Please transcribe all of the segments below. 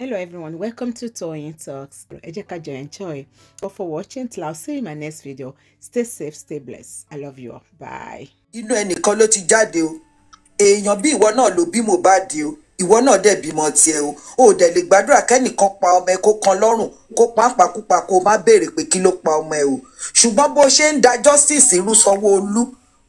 Hello everyone, welcome to Toyeen Talks. Ẹ jẹ́ ká enjoy. But for watching till I'll see you in my next video. Stay safe, stay blessed. I love you all. Bye. Inú ẹnìkan ló ti jáde o. Èèyàn bí ìwọ náà ló bí Mohbad o. Ìwọ náà dẹ̀ bímọ tiẹ̀ o. O dẹ̀ lè gbàdúrà kẹ́nìkan pa ọmọ ẹ kó kan lọ́rùn kó pàápàá kó má béèrè pé kí ló pa ọmọ ẹ o. Ṣùgbọ́n bó ṣe ń da justice irú Sanwó-Olú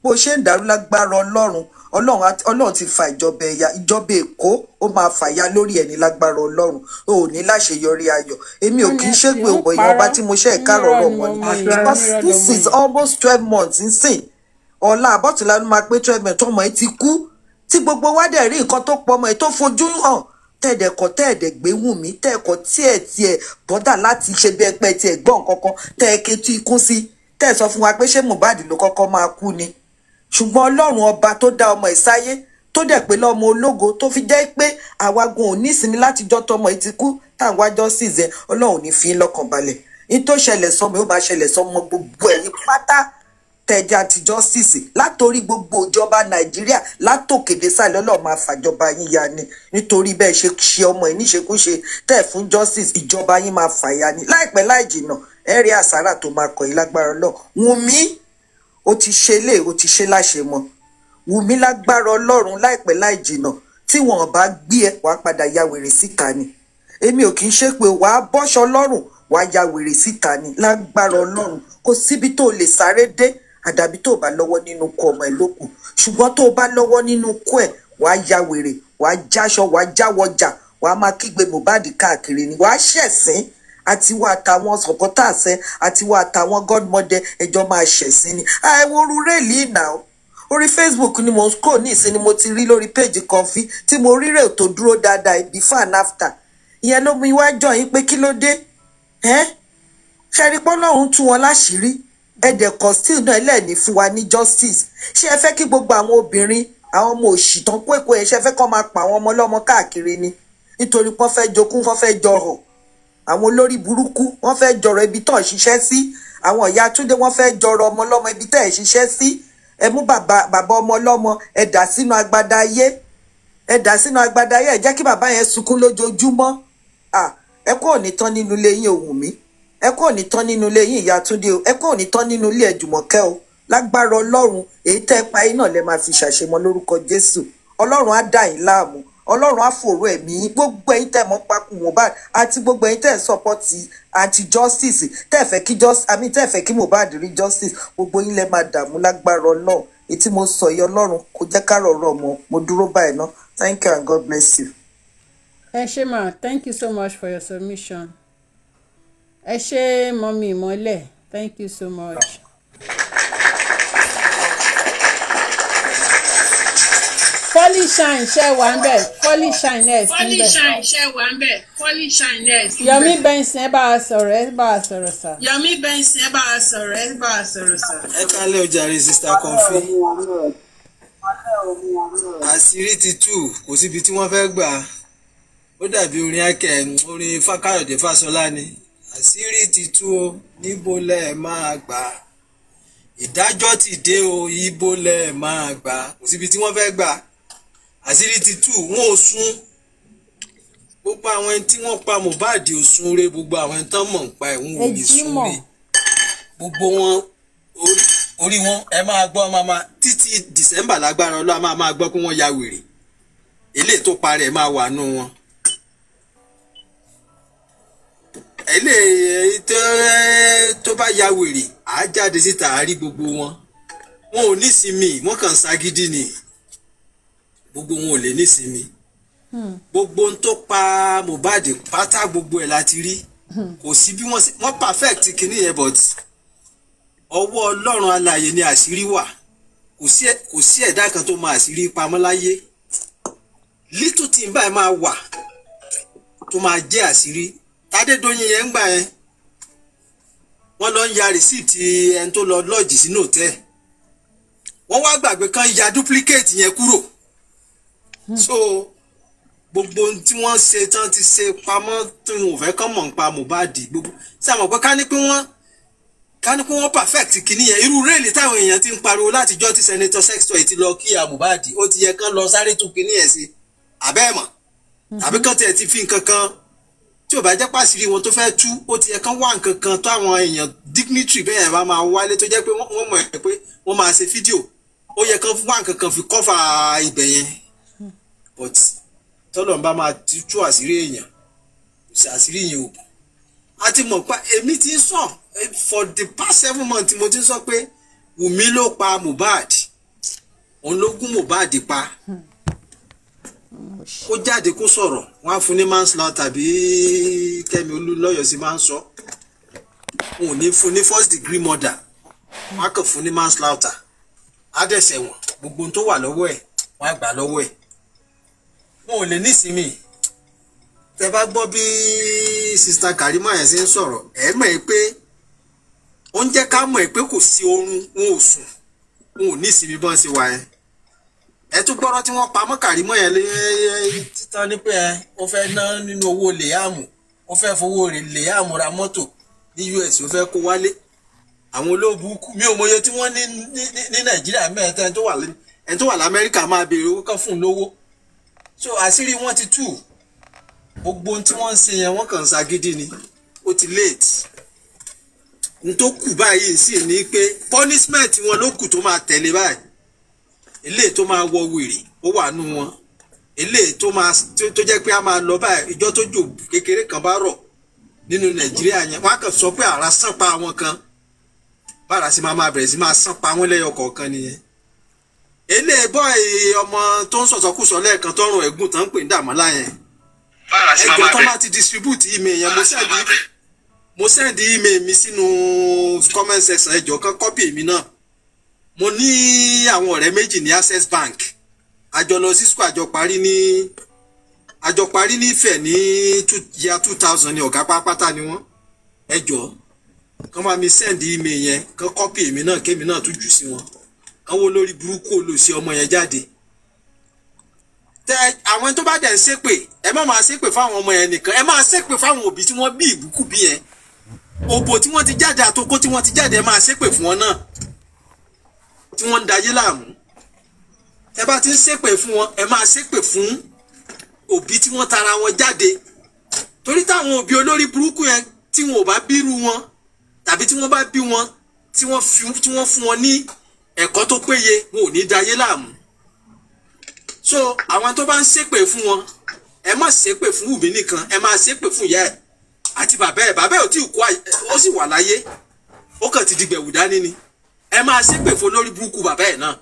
bó ṣe ń dàrú lágbára Ọlọ́run ọlọ́run ti fa ìjọba ẹ̀yà ìjọba èkó ó máa fàyà lórí ẹni lágbára ọlọ́run o ò ní láṣeyọrí ayọ̀ èmi ò kì í ṣègbè òwò ìwọ̀nba tí mo ṣe ẹ̀ka rọ̀rọ̀ wọn ni this is almost twelve months nsìn ọ̀la àbọ̀túnlá ló máa pé twelve months ọmọ ẹ ti kú tí gbogbo wa dẹ̀ rí nǹkan tó pọ̀ ọmọ ẹ tó fojú hàn tẹ̀dẹ̀kọ̀ tẹ̀dẹ̀ gbé wù mí tẹ̀kọ̀ tiẹ̀ tiẹ̀ bọ́dà láti ṣe bí ẹpẹ́ tiẹ̀ gbọ́ nǹkan kan tẹ̀ ẹ ketí ikún sí tẹ̀ sọ fún wa pé ṣé Mohbad ló kọ́kọ́ máa kú ni ṣùgbọ́n ọlọ́run ọba tó dá ọmọ ẹ̀ sáyé tó dẹ̀ pé lọ́mọ ológo tó fi jẹ́ pé àwagun ò ní ìsinmi láti jọ́ tọmọ ẹ̀ ti kú táwọn wájọ́ sì zẹ ọlọ́run ní fi lọ́kàn balẹ̀ ní tó ṣẹlẹ̀ sọmọ yóò máa ṣẹlẹ̀ sọmọ gbogbo ẹ̀yin pátá tẹ̀jà ti justice látòrí gbogbo ìjọba nàìjíríà látòkèdè sàlẹ̀ ọlọ́run máa fàjọba yín ya ni nítorí bẹ́ẹ̀ ṣe ṣe ọmọ ẹ̀ níṣekúṣe tẹ̀ fún justice ìjọba yín máa fàyà ni láìpẹ́ láì jìnà ẹ̀rí àsárà tó máa kọ̀ yín lágbára ọlọ́run wùn mí ó ti ṣe lé ó ti ṣe láṣẹ mọ́ Wùmí lágbára Ọlọ́run láìpẹ́ láì jìnà tí wọ́n bá gbé ẹ wàá padà ya wèrè síta ni èmi ò kì í ṣe pé wàá bọ́ṣọ lọ́rùn wàá ya wèrè síta ni lágbára Ọlọ́run kò síbi tó lè sáré dé àdàbí tó bá lọ́wọ́ nínú kọ ọmọ ẹ lókun ṣùgbọ́n tó bá lọ́wọ́ nínú kọ ẹ wàá ya wèrè wàá jáṣọ wàá jáwọjà wàá máa kígbe Mohbad káàkiri ni wàá ṣẹ̀sín àtiwọ́ àtàwọn sọ̀kọ́tàṣẹ́ àtiwọ́ àtàwọn godmother ẹjọ́ máa ṣẹ̀sìn ni àìwòrú rẹ́ẹ̀lì ìnà orí Facebook ni mo ń kò ní ìsinmi mo ti rí lórí péjì Comfy tí mo rí rẹ̀ tó dúró dáadáa before and after ìyẹn ló mú iwájọ yín pé kí ló dé ṣẹ́ripọ́ lọ́run tú wọn láṣìírí ẹ̀dẹ̀ constil náà ẹlẹ́ẹ̀ni fún wa ní justice ṣé ẹ fẹ́ kí gbogbo àwọn obìnrin àwọn ọmọ òṣì tán kó èkó yẹn ṣe fẹ́ kọ́ máa pa àwọn ọmọ ọlọ́mọ káàkiri ni nítorí pọ́n fẹ́ jogún pọ́n fẹ́ jọrọ̀ àwọn olórí burúkú wọ́n fẹ́ jọrọ ibi tán ṣiṣẹ́ sí àwọn ìyá Túndé wọ́n fẹ́ jọrọ ọmọ ọlọ́mọ ibi tẹ́ ẹ̀ ṣiṣẹ́ sí ẹ mú bàbá bàbá ọmọ ọlọ́mọ ẹ dà sínú agbada ayé ẹ dà sínú agbada ayé ẹ jẹ́ kí bàbá yẹn sunkún lójoojúmọ́ ẹ kò ní tán nínú ilé yín òwú mi ẹ kò ní tán nínú ilé yín ìyá Túndé o ẹ kò ní tán nínú ilé ẹ Jùmọ̀kẹ́ o lágbára Ọlọ́run èyí tẹ́ ẹ pa iná lẹ máa fi ṣàṣemọ lórúkọ Jésù Ọlọ́run á dà yín láàmú ọlọ́run àfòrò ẹ̀mí gbogbo ẹ̀yin tẹ̀ mọ́ papò Mohbad àti gbogbo ẹ̀yin tẹ̀ sọpọ́tì anti justice tẹ̀ fẹ́ kí justice àmì tẹ̀ fẹ́ kí Mohbad rí justice gbogbo yín lẹ́ máa dààmú lágbára ọlọ́run ètí mo sọ yìí ọlọ́run kò jẹ́ ká rọ̀rọ̀ mọ́ mo dúró báyìí ná thank you and God bless you. ẹ ṣé ma thank you so much for your submission ẹ ṣé mọ́mí ìmọ́lẹ̀ thank you so much. Fọ́lì shine ṣe wà ń bẹ̀. Fọ́lì shine next ń shine ṣe wà ń bẹ̀. shine next ń bẹ̀. Yomi Benson ẹ bá a sọ̀rọ̀ ẹ bá a sọ̀rọ̀ sà. Yomi Benson ẹ bá a sọ̀rọ̀ ẹ bá a sọ̀rọ̀ sà. Ẹ kálẹ̀ ojàre sista Kọ̀ǹfì. Àṣírí ti tú kò síbi tí wọ́n fẹ́ gbà. Ó dàbí orin akẹ́ orin Káyọ̀dé Fáṣọlá ni. Àṣírí ti tú o níbo lẹ máa gbà ìdájọ́ ti dé o ibo lẹ máa gbà kò síbi tí wọ́n fẹ́ gbà àṣírí ti tú wọn ò sún gbogbo àwọn ẹni tí wọ́n pa Mohbad ò sún re gbogbo àwọn ẹni tán mọ̀ ń pa ẹ̀hún ò ní sún re gbogbo wọn orí wọn ẹ máa gbọ́ máa máa títí December lágbára ọlọ́ máa máa gbọ́ pé wọ́n ya wèrè eléyìí tó parẹ́ máa wà nù wọn. eléyìí tó bá ya wèrè àá jáde síta àá gbogbo wọn wọn ò ní sinmi wọn kàn ságídí ni gbogbo wọn ò lè nísinmi gbogbo ohun tó pa Mohbad pátá gbogbo ẹ̀ láti rí kò sí bí wọ́n perfect kìíní yẹn but ọwọ́ ọlọ́run alààyè ni àṣírí wà kò sí ẹ̀dá kan tó máa àṣírí pamọ́ láyé little tí n báyìí máa wà tó máa jẹ́ àṣírí tádédọ́yìn yẹn ń gbà yẹn wọ́n lọ ń ya receipt ẹni tó lọ lọ́ọ̀jì sínú òtẹ́ẹ̀ wọ́n wá gbàgbé kan ya duplicate yẹn kúrò so gbogbo tí wọ́n ṣe tán ti ṣe pamọ́ tí wọn ò fẹ́ kán mọ̀ nípa Mohbad gbogbo sàmọ̀ pé ká ní pé wọ́n ká ní pé wọ́n perfect kìíní yẹn irú réèlì táwọn èèyàn ti ń pariwo látijọ́ tí senator sextoy ti lọ kí a Mohbad ó ti yẹ kán lọ sáré tún kìíní yẹn sí àbẹ́ẹ̀mọ̀ mhm. àbí kán tiẹ̀ ti fi nǹkan kan tí ò bá jẹ́ pàṣírí wọn tó fẹ́ tú ó ti yẹ kán wá nǹkan kan tó àwọn èèyàn dignitary bẹ́ẹ̀ bá máa wálé tó jẹ́ pé wọ́n mọ̀ ẹ́ pé wọ́n máa ṣe fídíò ó yẹ kán wá nǹkan kan fi kọ́fà ibẹ̀ yẹn but tọ́lọ̀ ń bá máa tú àṣírí èèyàn àṣírí yẹn òògùn a ti mọ̀ pa èmi ti ń sọ for the past seven months mo ti ń sọ pé Wùmí ló pa Mohbad òun ló gún Mohbad pa kó jáde kó sọ̀rọ̀ wọ́n á fún ní manslaughter tàbí Kẹ́mi Olúlọ́yọ̀ máa ń sọ òun ní fún ní first degree murder wọ́n á kàn fún ní manslaughter á dẹ̀ sẹ̀wọ̀n gbogbo ohun tó wà lọ́wọ́ ẹ̀ wọ́n á gbà lọ́wọ́ ẹ̀ wọn ò lè nísinmi tẹ bá gbọ́ bí sista Karima yẹn ṣe ń sọ̀rọ̀ ẹ mọ̀ ẹ pé ó ń jẹ́ ká mọ̀ ẹ pé kò sí oorun wọn ò sùn wọn ò nísinmi bọ́n ṣe wà yẹn ẹ tún gbọ́rọ̀ tí wọ́n pamọ́ Karima yẹn lé títán ní pé ó fẹ́ ná nínú owó lèyàmù ó fẹ́ fowó lèyàmù ra mọ́tò ní US ó fẹ́ kó wálé àwọn olóògùn kú mi ò mọye tí wọ́n ní ní Nàìjíríà mẹ́ẹ̀ẹ́tẹ́ ẹni tó wà lamẹ́ríkà máa béèrè owó kan fún un lówó so àṣírí wọn ti tú gbogbo ohun tí wọ́n ń ṣe yẹn wọ́n kàn ń ṣagídí ni ó ti late n tó kù báyìí sì ní pé punishment wọn ló kù tó máa tẹ̀lé báyìí eléyìí tó máa wọ wèrè ó wà nù wọn eléyìí tó máa tó jẹ́ pé a máa lọ báyìí ìjọ tó jò kékeré kan bá rọ̀ nínú nàìjíríà yẹn wọn á kàn sọ pé àrà sàn pa àwọn kan bára sì máa bẹ̀rẹ̀ sí máa sàn pa wọn lẹ́yọ kọ̀ọ̀kan nìyẹn ele ẹgbọ́ ọmọ tó ń sọ̀sọ́kùsọ lẹ́ẹ̀kan tọrùn ẹ̀gùn tán ń pè ní dàmọ́lá yẹn ẹjọ́ tó bá ti distribute email yẹn mo send mo send email mi sínú comment section ẹjọ́ kan copy mi náà mo ní àwọn ọ̀rẹ́ méjì ní access bank àjọ lọ sí school àjọ parí ní àjọ parí nífẹ̀ẹ́ ní year two thousand ní ọ̀gá pátá ni wọ́n ẹjọ́ kán bá mi send email yẹn kán copy mi náà kémi náà tún jù sí wọn àwọn olórí burúkú olùsí ọmọ yẹn jáde tẹ àwọn tó bá dẹ̀ ń ṣépè ẹ má máa ṣépè fáwọn ọmọ yẹn nìkan ẹ máa ṣépè fáwọn òbí tí wọ́n bí ìbùkù bí yẹn òbò tí wọ́n ti jáde àtokó tí wọ́n ti jáde ẹ máa ṣépè fún wọn náà tí wọ́n ń dayé láàmú ẹ bá ti ń ṣépè fún wọn ẹ máa ṣépè fún òbí tí wọ́n tara wọn jáde torí táwọn òbí olórí burúkú yẹn tí wọn ò bá bírú wọn tàbí tí wọ́n bá bí wọn tí wọ́n fún wọn ní ẹ̀kọ́ tó péye wọn ò ní dayé láàmú so àwọn tó bá ń ṣépè fún wọn ẹ má ṣépè fún Wùmí nìkan ẹ máa ṣépè fún ìyá ẹ àti bàbá ẹ bàbá ẹ ò tí ì kú ó sì wà láyé ó kàn ti di gbẹ̀wù dání ni ẹ máa ṣépè fún lórí burúkú bàbá ẹ náà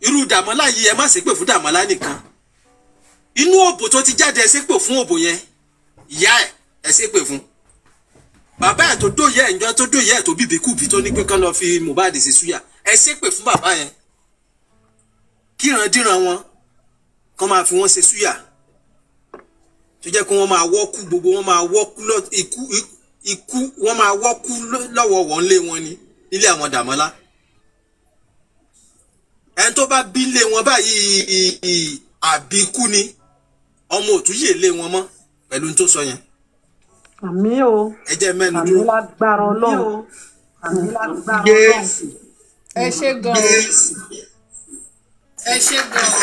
irú Dàmọ́lá yìí ẹ má ṣépè fún Dàmọ́lá nìkan inú òbò tó ti jáde ẹ ṣépè fún òbò yẹn ìyá ẹ ẹ ṣépè fún bàbá ẹ tó dóye ẹ ǹjọ́ tó dóye ẹ tó bìbí kùbí tó ní pé kán lọ fi Mohbad ṣe súyà ẹ ṣépè fún bàbá yẹn kíran-díran wọn kàn máa fi wọ́n ṣe súyà tó jẹ́ kí wọ́n máa wọ́kú gbogbo wọ́n máa wọ́kú ikú ikú wọ́n máa wọ́kú lọ́wọ́wọ́ ńlé wọn ni nílé àwọn dàmọ́lá ẹni tó bá bí lé wọn báyìí àbíkú ni ọmọ òtún yè lé wọn mọ́ pẹ̀lú tó sọ yẹn. àmì o àmì lágbára ọlọ́run àmì lágbára ọlọ́run ẹ ṣé gan o ẹ ṣé gan o.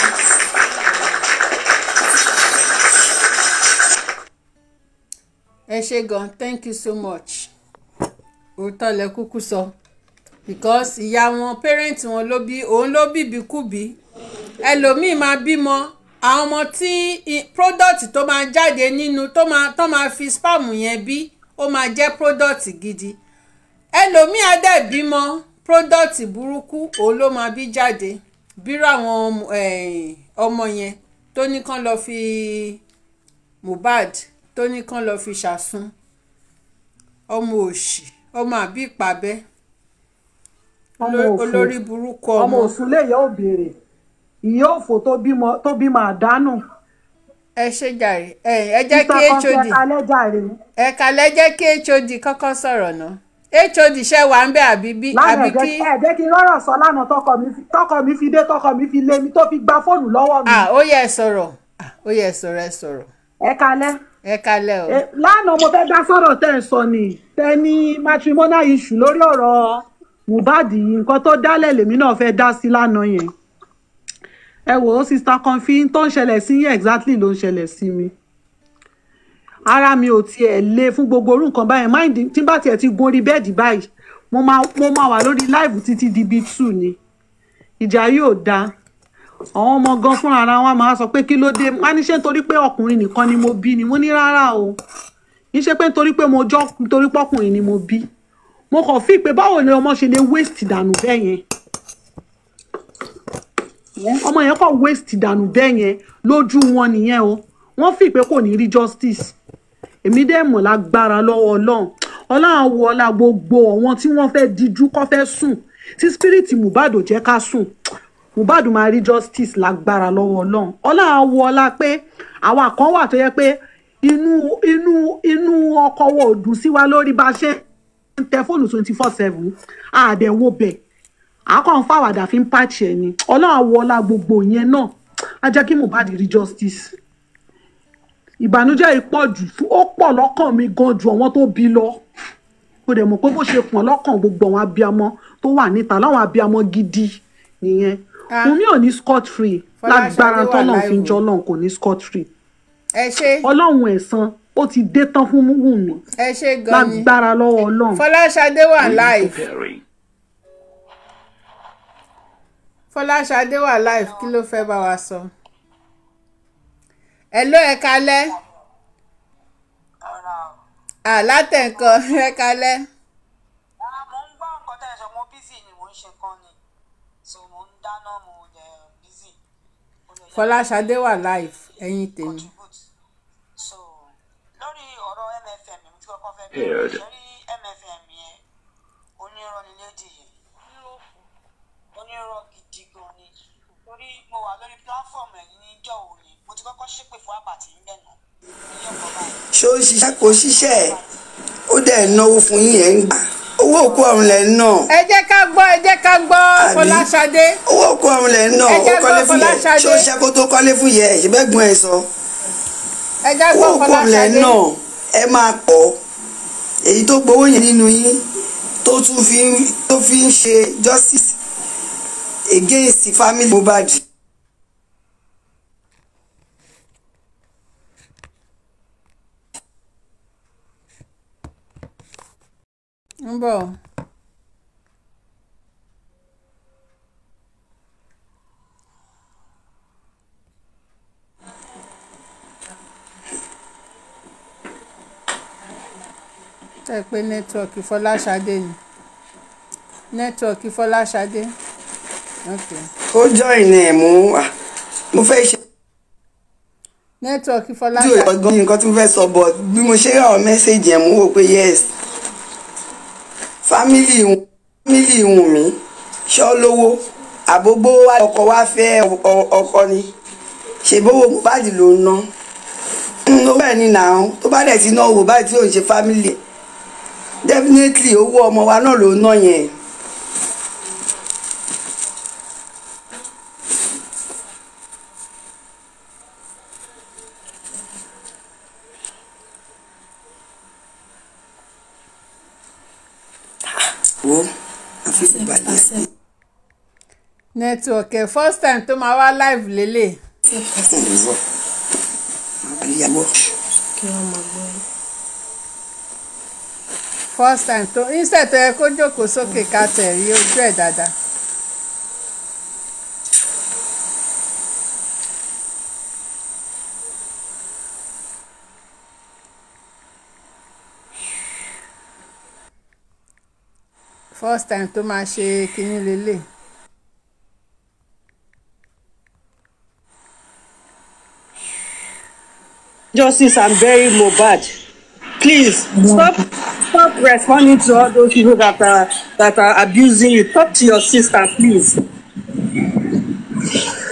ẹ ṣé gan thank you so much òótọ́ lẹ kúkú sọ because ìyá wọn parent wọn ló bí òun ló bí bíkúbí ẹlòmíì máa bímọ àwọn ọmọ tí product tó máa jáde nínú tó máa tó máa fi spam yẹn bí ó máa jẹ́ product gidi ẹlòmíì á dẹ̀ bímọ pródọ́tì burúkú òun ló máa bí jáde bírò àwọn ọmọ eh, yẹn tó ní kán lọ́ọ́ fi Mohbad tó ní kán lọ́ọ́ fi ṣàsun ọmọ òṣì ọmọ àbí ìpàbẹ́ olórí burúkú ọmọ ọmọ òsùn lè yọ òbèrè ìyá òfò tó bímọ àdánù ẹ ṣe jàre ẹ jẹ́ kí hod ẹ kalẹ̀ jẹ́ kí hod kọ́kọ́ sọ̀rọ̀ náà hod ṣe wà ń bẹ àbí bí àbí kí. lánàá ẹ jẹ́ kí n rọrọ̀ sọ lánàá tọkọ mi fi dé tọkọ mi fi lé mi tó fi gba fóònù lọ́wọ́ mi. ó yẹ ẹ sọ̀rọ̀ ó yẹ ẹ sọ̀rọ̀ ẹ sọ̀rọ̀. ẹ kalẹ́. ẹ kalẹ́ o. lánàá mo fẹ́ dá sọ̀rọ̀ tẹ́ ń sọ ni tẹ́ ní matrimonial issue lórí ọ̀rọ̀ Mohbad yìí nǹkan tó dálẹ̀ lèmi náà fẹ́ dá sí lánàá yẹn. ẹ wò ó sista Comfy tó ń ṣẹlẹ̀ sí yín exactly ló ń ṣẹlẹ̀ sí mi ara mi ò tiẹ̀ le fún gbogbo orú nǹkan báyẹn mind tí bá tiẹ̀ ti gun orí bẹ́ẹ̀dì báyìí mo máa mo máa wà lórí live títí di bíi two ni ìjà yóò dáa àwọn ọmọ gan fúnra ara wọn máa sọ pé kí ló dé má ní ṣe nítorí pé ọkùnrin nìkan ni mo bí ni mo ní rárá o ní ṣe pé nítorí pé mo jọ nítorí pọkùnrin ni mo bí mo kàn fi pé báwo ni ọmọ ṣe lè waste dànù bẹ́ẹ̀ yẹn ọmọ yẹn kàn waste dànù bẹ́ẹ̀ yẹn lójú wọn nìyẹn o wọ́n fi pé kò ní rí justice èmi dẹ̀ mọ̀ lágbára lọ́wọ́ ọlọ́run ọlọ́run wọ ọlá gbogbo àwọn tí wọ́n fẹ́ díjú kọ́ fẹ́ sùn tí spirit Mohbad ò jẹ́ ká sùn Mohbad máa rí justice lágbára lọ́wọ́ ọlọ́run ọlọ́run wọ ọlá pé àwa kan wà tó yẹ pé inú inú inú ọkọ̀ wọ̀ ò dùn sí wa lórí bá a ṣe ń tẹ fóònù twenty four seven àdẹ̀wò bẹ̀ àkàn fáwàdà fi ń pàṣẹ ni ọlọ́run wọ ọlá gbogbo yẹn náà á kí Mohbad rí justice ìbànújẹ́ ìpọ̀jù ó pọ̀ lọ́kàn mi gan ju àwọn tó bí lọ kò dẹ̀ mọ̀ pé bó ṣe pọ̀ lọ́kàn gbogbo àwọn abiyamọ tó wà níta láwọn abiyamọ gidi nìyẹn Wunmi ah. ò ní scot free lágbára tọ́nà fíjọ́ náà kò ní scot free ọlọ́run ẹ̀san ó ti dé tán fún Wunmi lágbára lọ́wọ́ ọlọ́run. Fọláṣadé wà live. Fọláṣadé wà live kí ló fẹ́ bá wa sọ. So hello ẹ kalẹ́ alátẹ̀ǹkan ẹ kalẹ́. mo ń gbọ́ nǹkan ẹ sọ mo bízì wà live ẹ̀yin tèmi. lórí ọ̀rọ̀ ṣépè fún àbàtì ń lẹ́nu ṣé ó ṣiṣẹ́ kò ṣiṣẹ́ ẹ̀ ó dẹ̀ náwó fún yín ẹ̀ ń gbà owó òkú ọ̀run lẹ̀ ń nà. ẹ jẹ́ ká gbọ́ ẹ jẹ́ ká gbọ́ Fọláṣadé. owó òkú ọ̀run lẹ̀ ń nà ó kọ́lé fún yẹ ṣé ó ṣiṣẹ́ kó tó kọ́lé fún yẹ ẹ̀ṣẹ̀ bẹ́ẹ̀ gbọ́n ẹ sọ. ẹ jẹ́ gbọ́ Fọláṣadé owó òkú ọ̀run lẹ̀ ń nà ẹ máa pọ̀ èyí tó gbowó yẹn nínú yín tó tún fi ń ṣe justice against family Mohbad. ń bọ̀. tẹ́ pé nẹ́tíwọ́ọ̀kì fọláṣadé ni nẹ́tíwọ́ọ̀kì fọláṣadé. ó join ẹ̀ mú mo fẹ́ ṣe. nẹ́tíwọ́ọ̀kì fọláṣadé. ojú ọgbọ́n nǹkan tí mo fẹ́ sọ bọ̀ bí mo ṣe rí àwọn mẹ́sẹ̀gì ẹ̀ mú wò pé yes fámìlì wù mí ṣọ́ lówó àbógbó ọkọ wa fẹ́ ọkọ ni ṣèbówó Mohbad ló ń ná owó ẹ̀ ní nàá tó bá dẹ̀ ti ná owó báyìí tí ò ń ṣe fámìlì definitely owó ọmọ wa náà ló ń ná yẹn. network ẹ̀ first time tó máa wá live lélẹ̀. first time ló wọ̀ àyàwó. kí wọ́n máa gbọ́ yín. first time tó instead tó yẹ kó jókòó sókè ká tẹ̀ rí ojú ẹ̀ dáadáa. first time tó máa ṣe kinní lélẹ̀. justice and bury Mohbad. Please stop stop responding to all those people that are that are abusing you. Talk to your sister, please.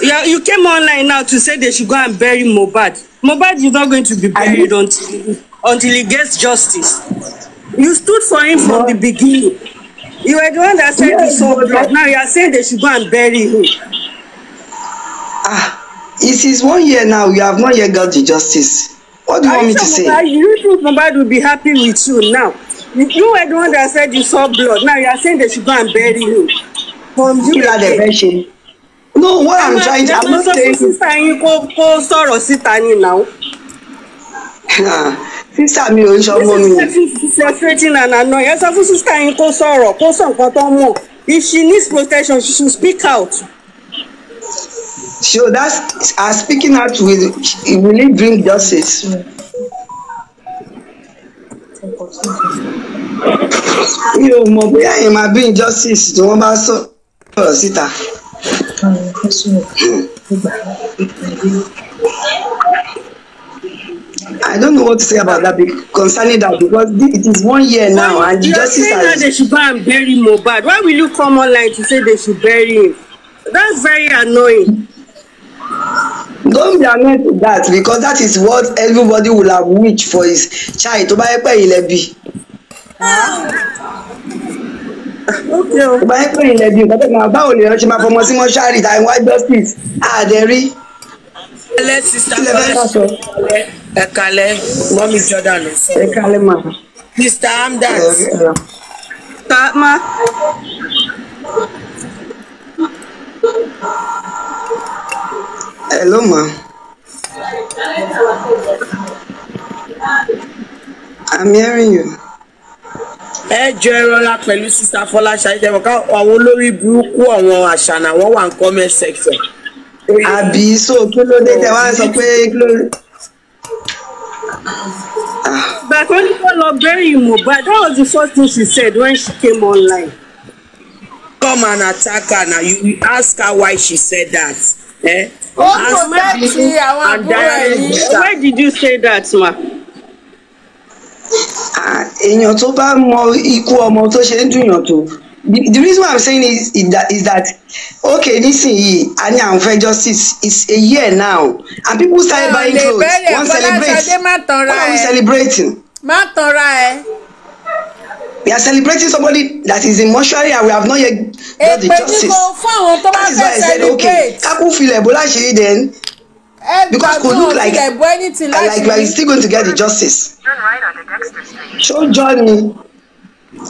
Yeah, you came online now to say they should go and bury Mohbad. Mohbad is not going to be buried until until he gets justice. You stood for him from the beginning. You were the one that said yes, he sold blood. Now you are saying they should go and bury him. Ah, it is one year now. You have one year got the justice. What do you Are want me to say? You think somebody will be happy with you now. You were the one that said you saw blood. Now you are saying they should go and bury you. From you are the version. No, what I'm, I'm trying to I'm not saying. Sister yín kó now. Sísá mi ò ń sọ frustrating and annoying. Ẹ sọ fún sísá yín kó sọ̀rọ̀ kó If she needs protection, she should speak out. So that's as speaking out will will it bring justice? Yo, ò mọ̀ bóyá yẹn máa bring justice tí wọ́n bá sọ̀rọ̀ síta. I don't know what to say about that concerning that because it is one year now and the justice has. You are saying that they should go and bury Mohbad. Why will you come online to say they should bury him? That's very annoying don't be amazed with that because that is what everybody will have wish for his child tó bá yẹ pé ilẹ̀ bi. tó bá yẹ pé ilẹ̀ bi nǹkan tó máa báwo lè ránṣẹ́ máa fọmọ sí mọ́ṣáárì tàbí wá justice àdẹ́rí. ẹlẹ́ sista kọ́lẹ́ ẹ̀kalẹ́ mọ́mí Jordan ló sọ. ẹ̀kalẹ́ ma. Mr Hamdat. ta ma. Hello, ma. I'm hearing you. ẹ jọ ẹ rọra pẹ̀lú sista Fọláṣadé ṣe mọ̀ká àwọn olórí burúkú àwọn àṣànà wọ́n wà ní comment section. àbí so kí ló dé tẹ wá sọ pé kí ló. Ah. bàtà ní kó lọ bury Mohbad that was the first thing she said when she came online. come and attack her na you ask her why she said that. Eh? ó protect àwọn àbúrò yìí. did you say that ma. èèyàn tó bá mọ ikú ọmọ tó ṣe ń dùnyàn tó the reason why i'm saying is, is that is that okay nísìnyí a ní àwọn fẹ́ justice is a year now and people started buying clothes one celebrate one we celebrating. má tanra ẹ we are celebrating somebody that is in mortuary and we have not yet got the justice that is why i said okay kakun filẹ bola ṣe then because kò look like like we are still going to get the justice so join me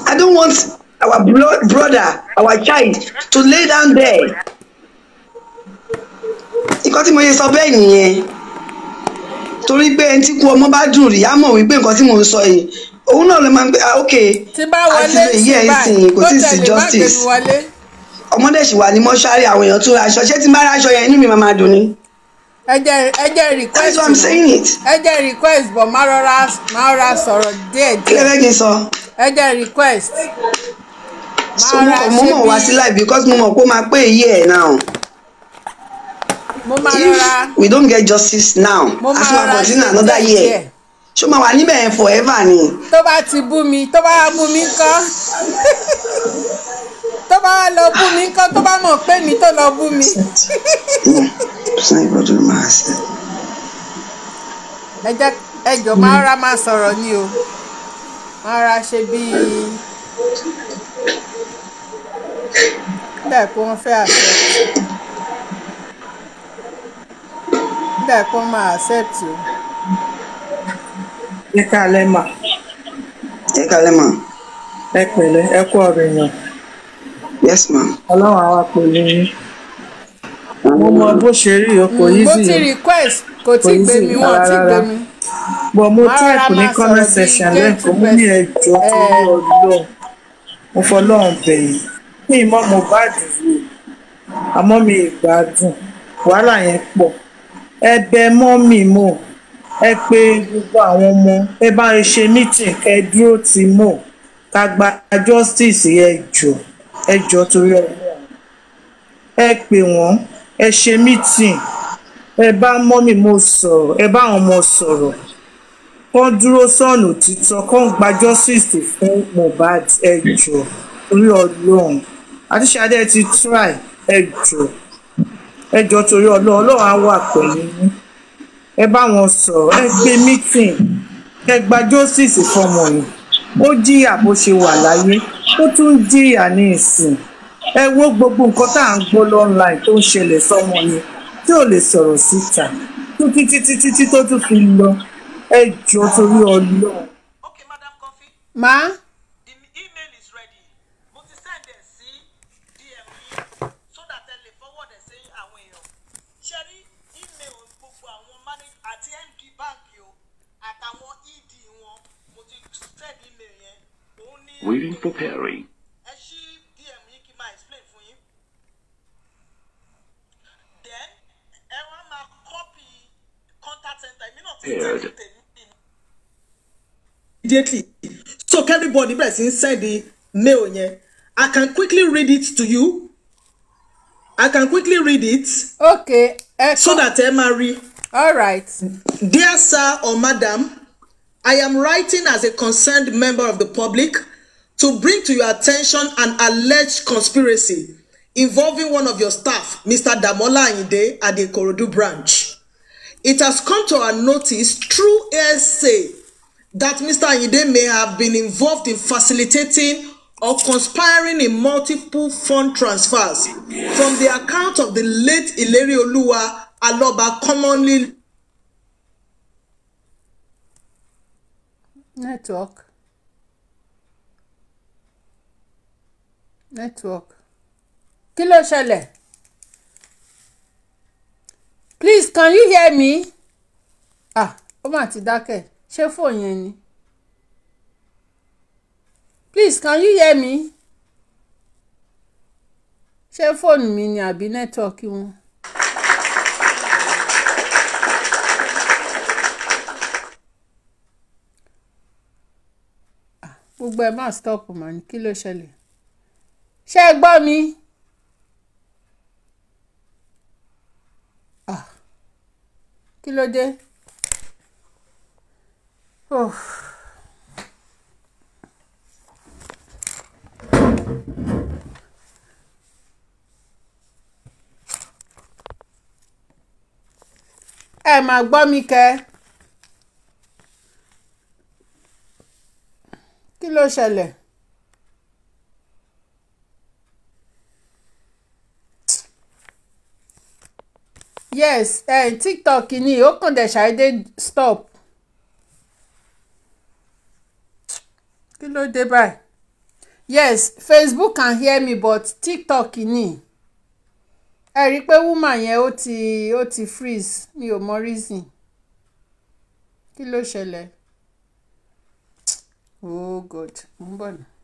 i don't want our blood brother our child to lay down there nǹkan tí mo yẹ sọ bẹ́ẹ̀ nìyẹn torí pé ẹni tí kú ọmọ bá dùn rí á mọ̀ wípé nǹkan tí mo sọ yìí òun náà ló máa ń gbé ah ok àti èyí ẹ̀ ń sìn kò tí ì justice ọmọdé ṣì wà ní mọ́ṣúárì àwọn èèyàn tó raṣọ ṣé tí n bá raṣọ yẹn inú mi máa máa dùn ni. ẹ jẹ́ ẹ jẹ́ request that's why i'm saying it. ẹ jẹ́ request but máa rọra máa rọra sọ̀rọ̀ díẹ̀ díẹ̀. kí lè fẹ́ kí sọ. ẹ jẹ́ request. so mo kàn mo mọ̀ wá sí live because mo mọ̀ pé ó máa pé èyí ẹ̀ now. mo máa rọra if we don't get justice now as we continue another year ṣó máa wà níbẹ̀ yẹn forever ni. tó bá ti bú mi tó bá bú mi kọ́ tó bá lọ bú mi kọ́ tó bá mọ̀ pé mi tó lọ bú mi. ẹ jẹ́ ẹ jọ máa ra máa sọ̀rọ̀ ni o máa ra ṣe bíi bẹ́ẹ̀ kó wọ́n fẹ́ àṣẹ bẹ́ẹ̀ kó wọ́n máa accept o ẹ kálẹ́ mà. ẹ kálẹ́ mà. ẹ pẹ̀lẹ́ ẹ kú ọ̀rọ̀ èèyàn. yes ma. ọlọ́run àwa pẹ̀lú yín. mo mọ bó ṣe rí o kò yí sí o. mo ti request kò tí gbé mi wọ́n ti gbé mi. bọ̀ mo type ní comment section lẹ́kọ̀ọ́ mo ní ẹjọ́ tó ń lọ lọ mo fọlọ́run bẹ̀yìn mi ìmọ̀ Mohbad wò àmọ́ mi ìgbádùn wàhálà yẹn pọ̀ ẹ̀bẹ̀ mọ́ mi mọ́ ẹ pé gbogbo àwọn ọmọ ẹ bá ń ṣe meeting kẹ dúró ti mọ ká gba justice ẹ jọ ẹ jọ torí Ọlọ́run ẹ pè wọ́n ẹ ṣe meeting ẹ bá mọ́mì mo sọ̀rọ̀ ẹ bá àwọn ọmọ sọ̀rọ̀ kán dúró sọ̀nù títọ́ kán gba justice fún Mohbad ẹ jọ torí Ọlọ́run Àtíṣadé ti try ẹ jọ ẹ jọ torí Ọlọ́run Ọlọ́run á wà pẹ̀lú yín ẹ bá wọn sọ̀rọ̀ ẹ gbé meeting ẹ gba justice fọmọ yìí ó jìyà bó ṣe wà láyé ó tún jìyà ní ìsìn ẹ wo gbogbo nǹkan tá à ń gbọ́ online tó ń ṣẹlẹ̀ sọmọ yẹn tí ò lè sọ̀rọ̀ síta títí títí títí tó tún fi lọ ẹ jọ torí Ọlọ́run. má. waiting for pairing. Paired. Immediately. So everybody bẹ̀rẹ̀ sí send the mail Yeah, I can quickly read it to you. I can quickly read it. Okay. So that ẹ máa All right. Dear sir or madam, I am writing as a concerned member of the public to bring to your attention an alleged conspiracy involving one of your staff, Mr. Damola Ayinde at the Korodu branch. It has come to our notice through ASA that Mr. Ayinde may have been involved in facilitating or conspiring in multiple fund transfers from the account of the late Ileri Oluwa Aloba commonly network network kí ló ṣẹlẹ̀ please can you hear me ah ó mà ti dákẹ́ ṣé fóònù yẹn ni please can you hear me ṣé fóònù mi ni àbí nẹ́tíwọ́ọ̀kì wọn. Ah, gbogbo ẹ má stop mà ní kí ló ṣẹlẹ̀ ṣé ẹ gbọ́ mi. Ah, kí ló dé. Oh. ẹ máa gbọ́ mi kẹ́ kí ló ṣẹlẹ̀. yes eh, tiktok ni ó kàn dẹ̀ ṣàdédé stop kí ló dé báyìí yes facebook can hear me but tiktok ni ẹ rí i pé woman yẹn ó ti ó ti freeze mi ò mọ reason kí ló ṣẹlẹ̀ oh god mo ń bọ̀ náà.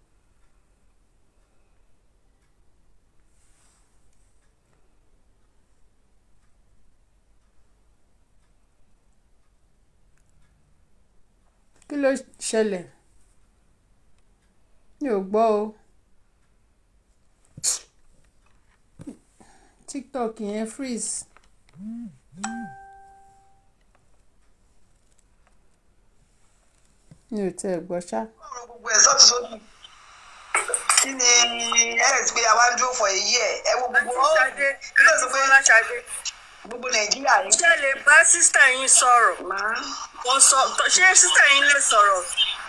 kí ló ṣẹlẹ̀ mi ò gbọ́ o tiktok yẹn freeze. mi ò tẹ ẹ gbọ́ ṣá. kí ni ẹ̀ ti pé àwa fọ̀ èyí ẹ̀ ẹ wo gbogbo ọ́ ọ́ ọ́ ọ́ ọ́ ọ́ ọ́ gbogbo nàìjíríà yìí. ṣé lè bá sísítà yín sọ̀rọ̀. wọ́n sọ ṣé sísítà yín lè sọ̀rọ̀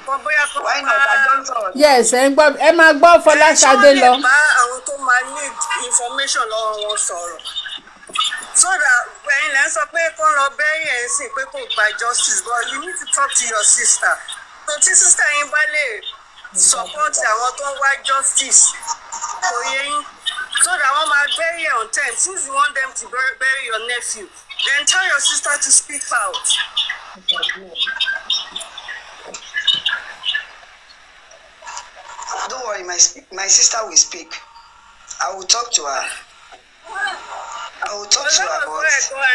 kan bóyá kó máa. yes ẹ ń gbọ́ ẹ máa gbọ́ Fọláṣadé lọ. ṣé wọ́n lè bá àwọn tó máa need information lọ́wọ́ wọn sọ̀rọ̀ sódà ẹ̀yin lẹ́ ń sọ pé kó lọ bẹ́yìn ẹ̀ ń sìn pé kò gba justice but you need to talk to your sister so tí sister yín bá lè support àwọn tó ń wá justice kò yẹ yín so that one ma bury you on time since you want them to bury, bury your nephew then tell your sister to speak out. Don't worry, my, my sister will speak. I will talk to her. I will talk to her,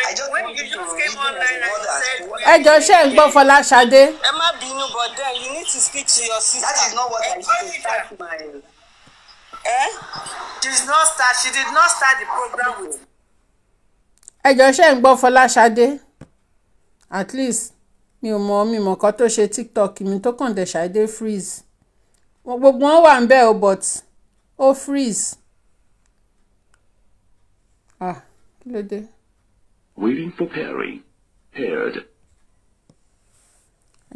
I just want you to read the word Ẹ jọ ṣe ń gbọ́ Fọláṣadé. Ẹ má bínú, but then you need to speak to your sister. That is not what I said. Eh? She did not start. She did not start the program with. Ẹ jọ ṣe ń gbọ́ Fọláṣadé at least mi ò mọ mi mọ̀ kan tó ṣe TikTok mi tó kàn dé ṣàdé freeze gbogbo wọn wà ń bẹ̀ o but ó freeze. Ah, kí Waiting for pairing. Paired.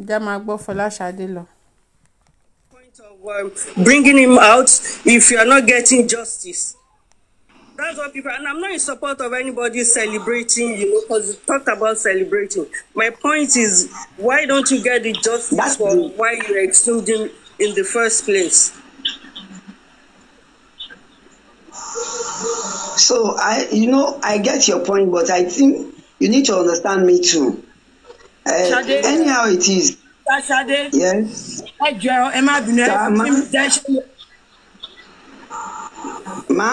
Ẹ já máa gbọ́ Fọláṣadé lọ um, bringing him out if you are not getting justice. That's what people, and I'm not in support of anybody celebrating, you know, because you talked about celebrating. My point is, why don't you get the justice That's for good. why you're excluding in the first place? So I, you know, I get your point, but I think you need to understand me too. Uh, anyhow, it is. Ṣadé. Ẹ jọ ẹ má bínú ẹ fi mi dẹ́ ṣe. Má.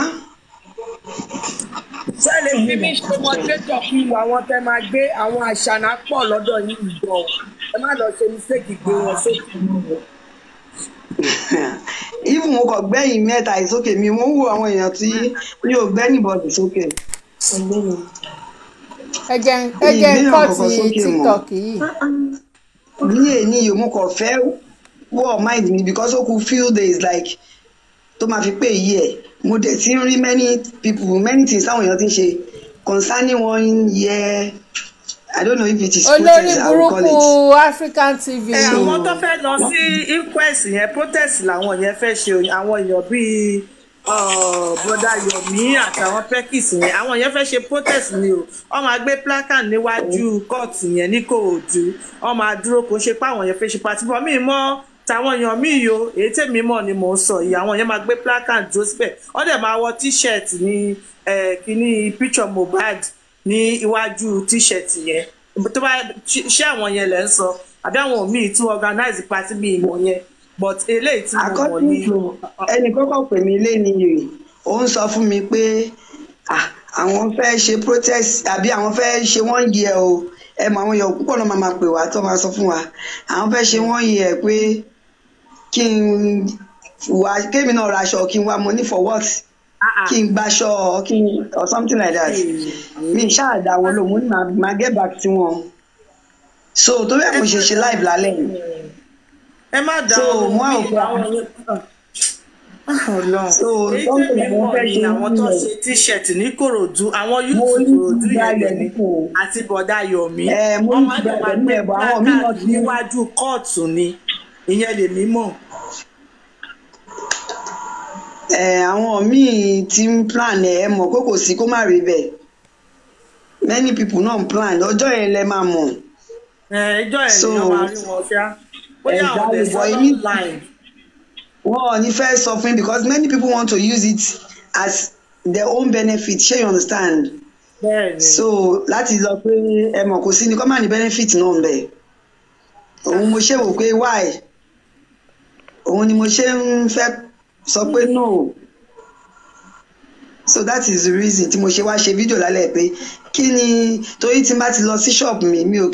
Ṣé lè fi mí ṣe mọ́tẹ́tọ̀ kí ìwà wọn fẹ́ máa gbé àwọn àṣànà pọ̀ lọ́dọ̀ yín ìjọ? Ẹ má lọ ṣe mistake gbé wọn sókè even mo kàn gbẹ́yìn mẹ́ta ìsókè mi mo ń wo àwọn èèyàn tí mi ò gbẹ́yìn bọ́ọ̀lù sókè. ẹ jẹ́ ẹ jẹ́ nǹkan ti TikTok yìí. Uh-uh ní èyí yìí mo kàn fẹ́ mind me because ó kù few days like to máa fi pé here. ẹ̀ mo dẹ̀ ti ń many people many things àwọn èèyàn ti ń concerning one year I don't know if it is protest I will call it. olórí burúkú African TV. ẹ eh, àwọn tó fẹ́ lọ sí inquest yẹn protest làwọn yẹn fẹ́ ṣe àwọn èèyàn bíi bọ́dà Yomi àtàwọn pekis yẹn àwọn yẹn fẹ́ ṣe protest ni o wọ́n máa gbé placard níwájú kóòtù yẹn ní Kòòdú wọ́n máa dúró kó ṣe pé àwọn yẹn fẹ́ ṣe pàtí bọ́ mí mọ́ tàwọn èèyàn míì yo èyí tèmi mọ̀ ni mò ń sọ yìí àwọn yẹn máa gbé placard dúró síbẹ̀ wọ́n dẹ̀ máa wọ t-shirt ní kíní picture Mohbad ní iwájú t-shirt yẹn tó bá ṣé àwọn yẹn lẹ́ ń sọ àbí àwọn míì tún organize party bíi ìmọ̀ yẹn but eléyìí tí mo mọ̀ ní. ẹnì kọ́kọ́ pè mí lé ní yìí ó ń sọ fún mi pé àwọn fẹ́ ṣe protest àbí àwọn fẹ́ ṣe one year o ẹ mọ àwọn yòókù pọ̀ náà máa máa pè wá tó máa sọ fún wa àwọn fẹ́ ṣe one year pé kí n wá kémi náà raṣọ kí n wá mo ní for what kí n gbaṣọ kí n or something like that mi ṣáà dá wọn lóhùn mo ní máa get back tí wọn so torí ẹ̀ mo ṣe ṣe live lálẹ́ yìí ẹ má dá ọmọ mi àwọn ah, so, tèmi mọ̀ ni àwọn tó ṣe t-shirt ní Kòròdú àwọn yóò Kòròdú yẹn àti bọ̀dá Yọ̀mí wọ́n máa ń gbà pé káàkiri níwájú kóòtù ni ìyẹn lèmi mọ̀ àwọn míì ti ń plan ẹ ẹ mọ̀ pé kò sí kó má rí bẹ́ẹ̀ many people náà ń plan ọjọ́ yẹn lẹ máa mọ̀. ẹjọ́ yẹn lè máa rí wọn ṣá bóyá àwọn ẹ̀sán online. wọn ò ní fẹ́ sọ fún because many people want to use it as their own benefit ṣé you understand. bẹ́ẹ̀ni. so láti lọ pé ẹ mọ̀ kò sí ni benefit náà ń bẹ òun mo why òun ni mo no so that is the reason tí mo ṣe video ṣe fídíò lálẹ́ pé kí ni torí tí n bá ti lọ sí mi mi ò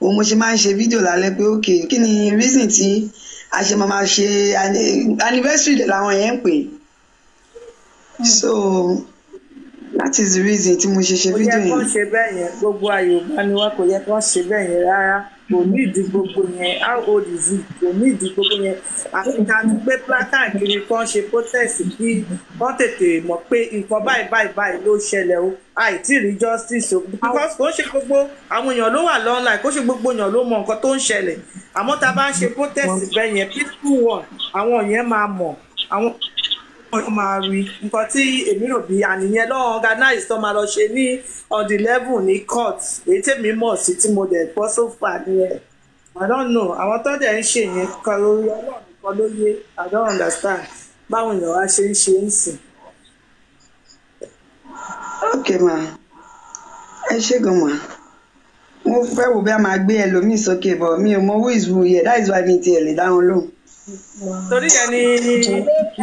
òun mo ṣe máa ń ṣe fídíò lálẹ́ pé ok kí ni reason tí a ṣe máa máa ṣe anniversary làwọn yẹn ń pè hmm. so that is the reason tí mo ṣe ṣe fídíò yẹn. kò yẹ kó ṣe bẹ́ẹ̀ yẹn gbogbo àyè òbá ni wá kò yẹ kó ṣe bẹ́ẹ̀ yẹn rárá kò ní ìdí gbogbo yẹn how old is it kò ní ìdí gbogbo yẹn àfikà ní pé placard kiri kan ṣe protest kí wọ́n tètè mọ̀ pé nǹkan báyìí báyìí báyìí ló ṣẹlẹ̀ o àìtí rí justice o because kò ń ṣe gbogbo àwọn èèyàn ló wà online kò ń ṣe gbogbo èèyàn ló mọ nǹkan tó ń ṣẹlẹ̀ àmọ́ tá a bá ń ṣe protest bẹ́ẹ̀ yẹn peaceful one àwọn yẹn máa mọ̀ àwọn wọ́n máa rí nǹkan tí èmi rò bí àníyàn lọ́wọ́ organize tó máa lọ ṣe ní on the level ní court èyí tèmi mọ̀ sí tí mo dẹ̀ gbọ́ so far nìyẹn I don't know àwọn tó dẹ̀ ń ṣe yẹn kan lórí ọlọ́run kan ló I don't understand báwọn èèyàn wá ṣe ń ṣe ń sìn. ok ma ẹ ṣe gan ma mo fẹ́ wo bí a máa gbé ẹlòmíì sókè bọ̀ mi ò mọ who is who yẹ that is why mi ti ẹ̀ lè dáhùn lóhùn torí yẹn ni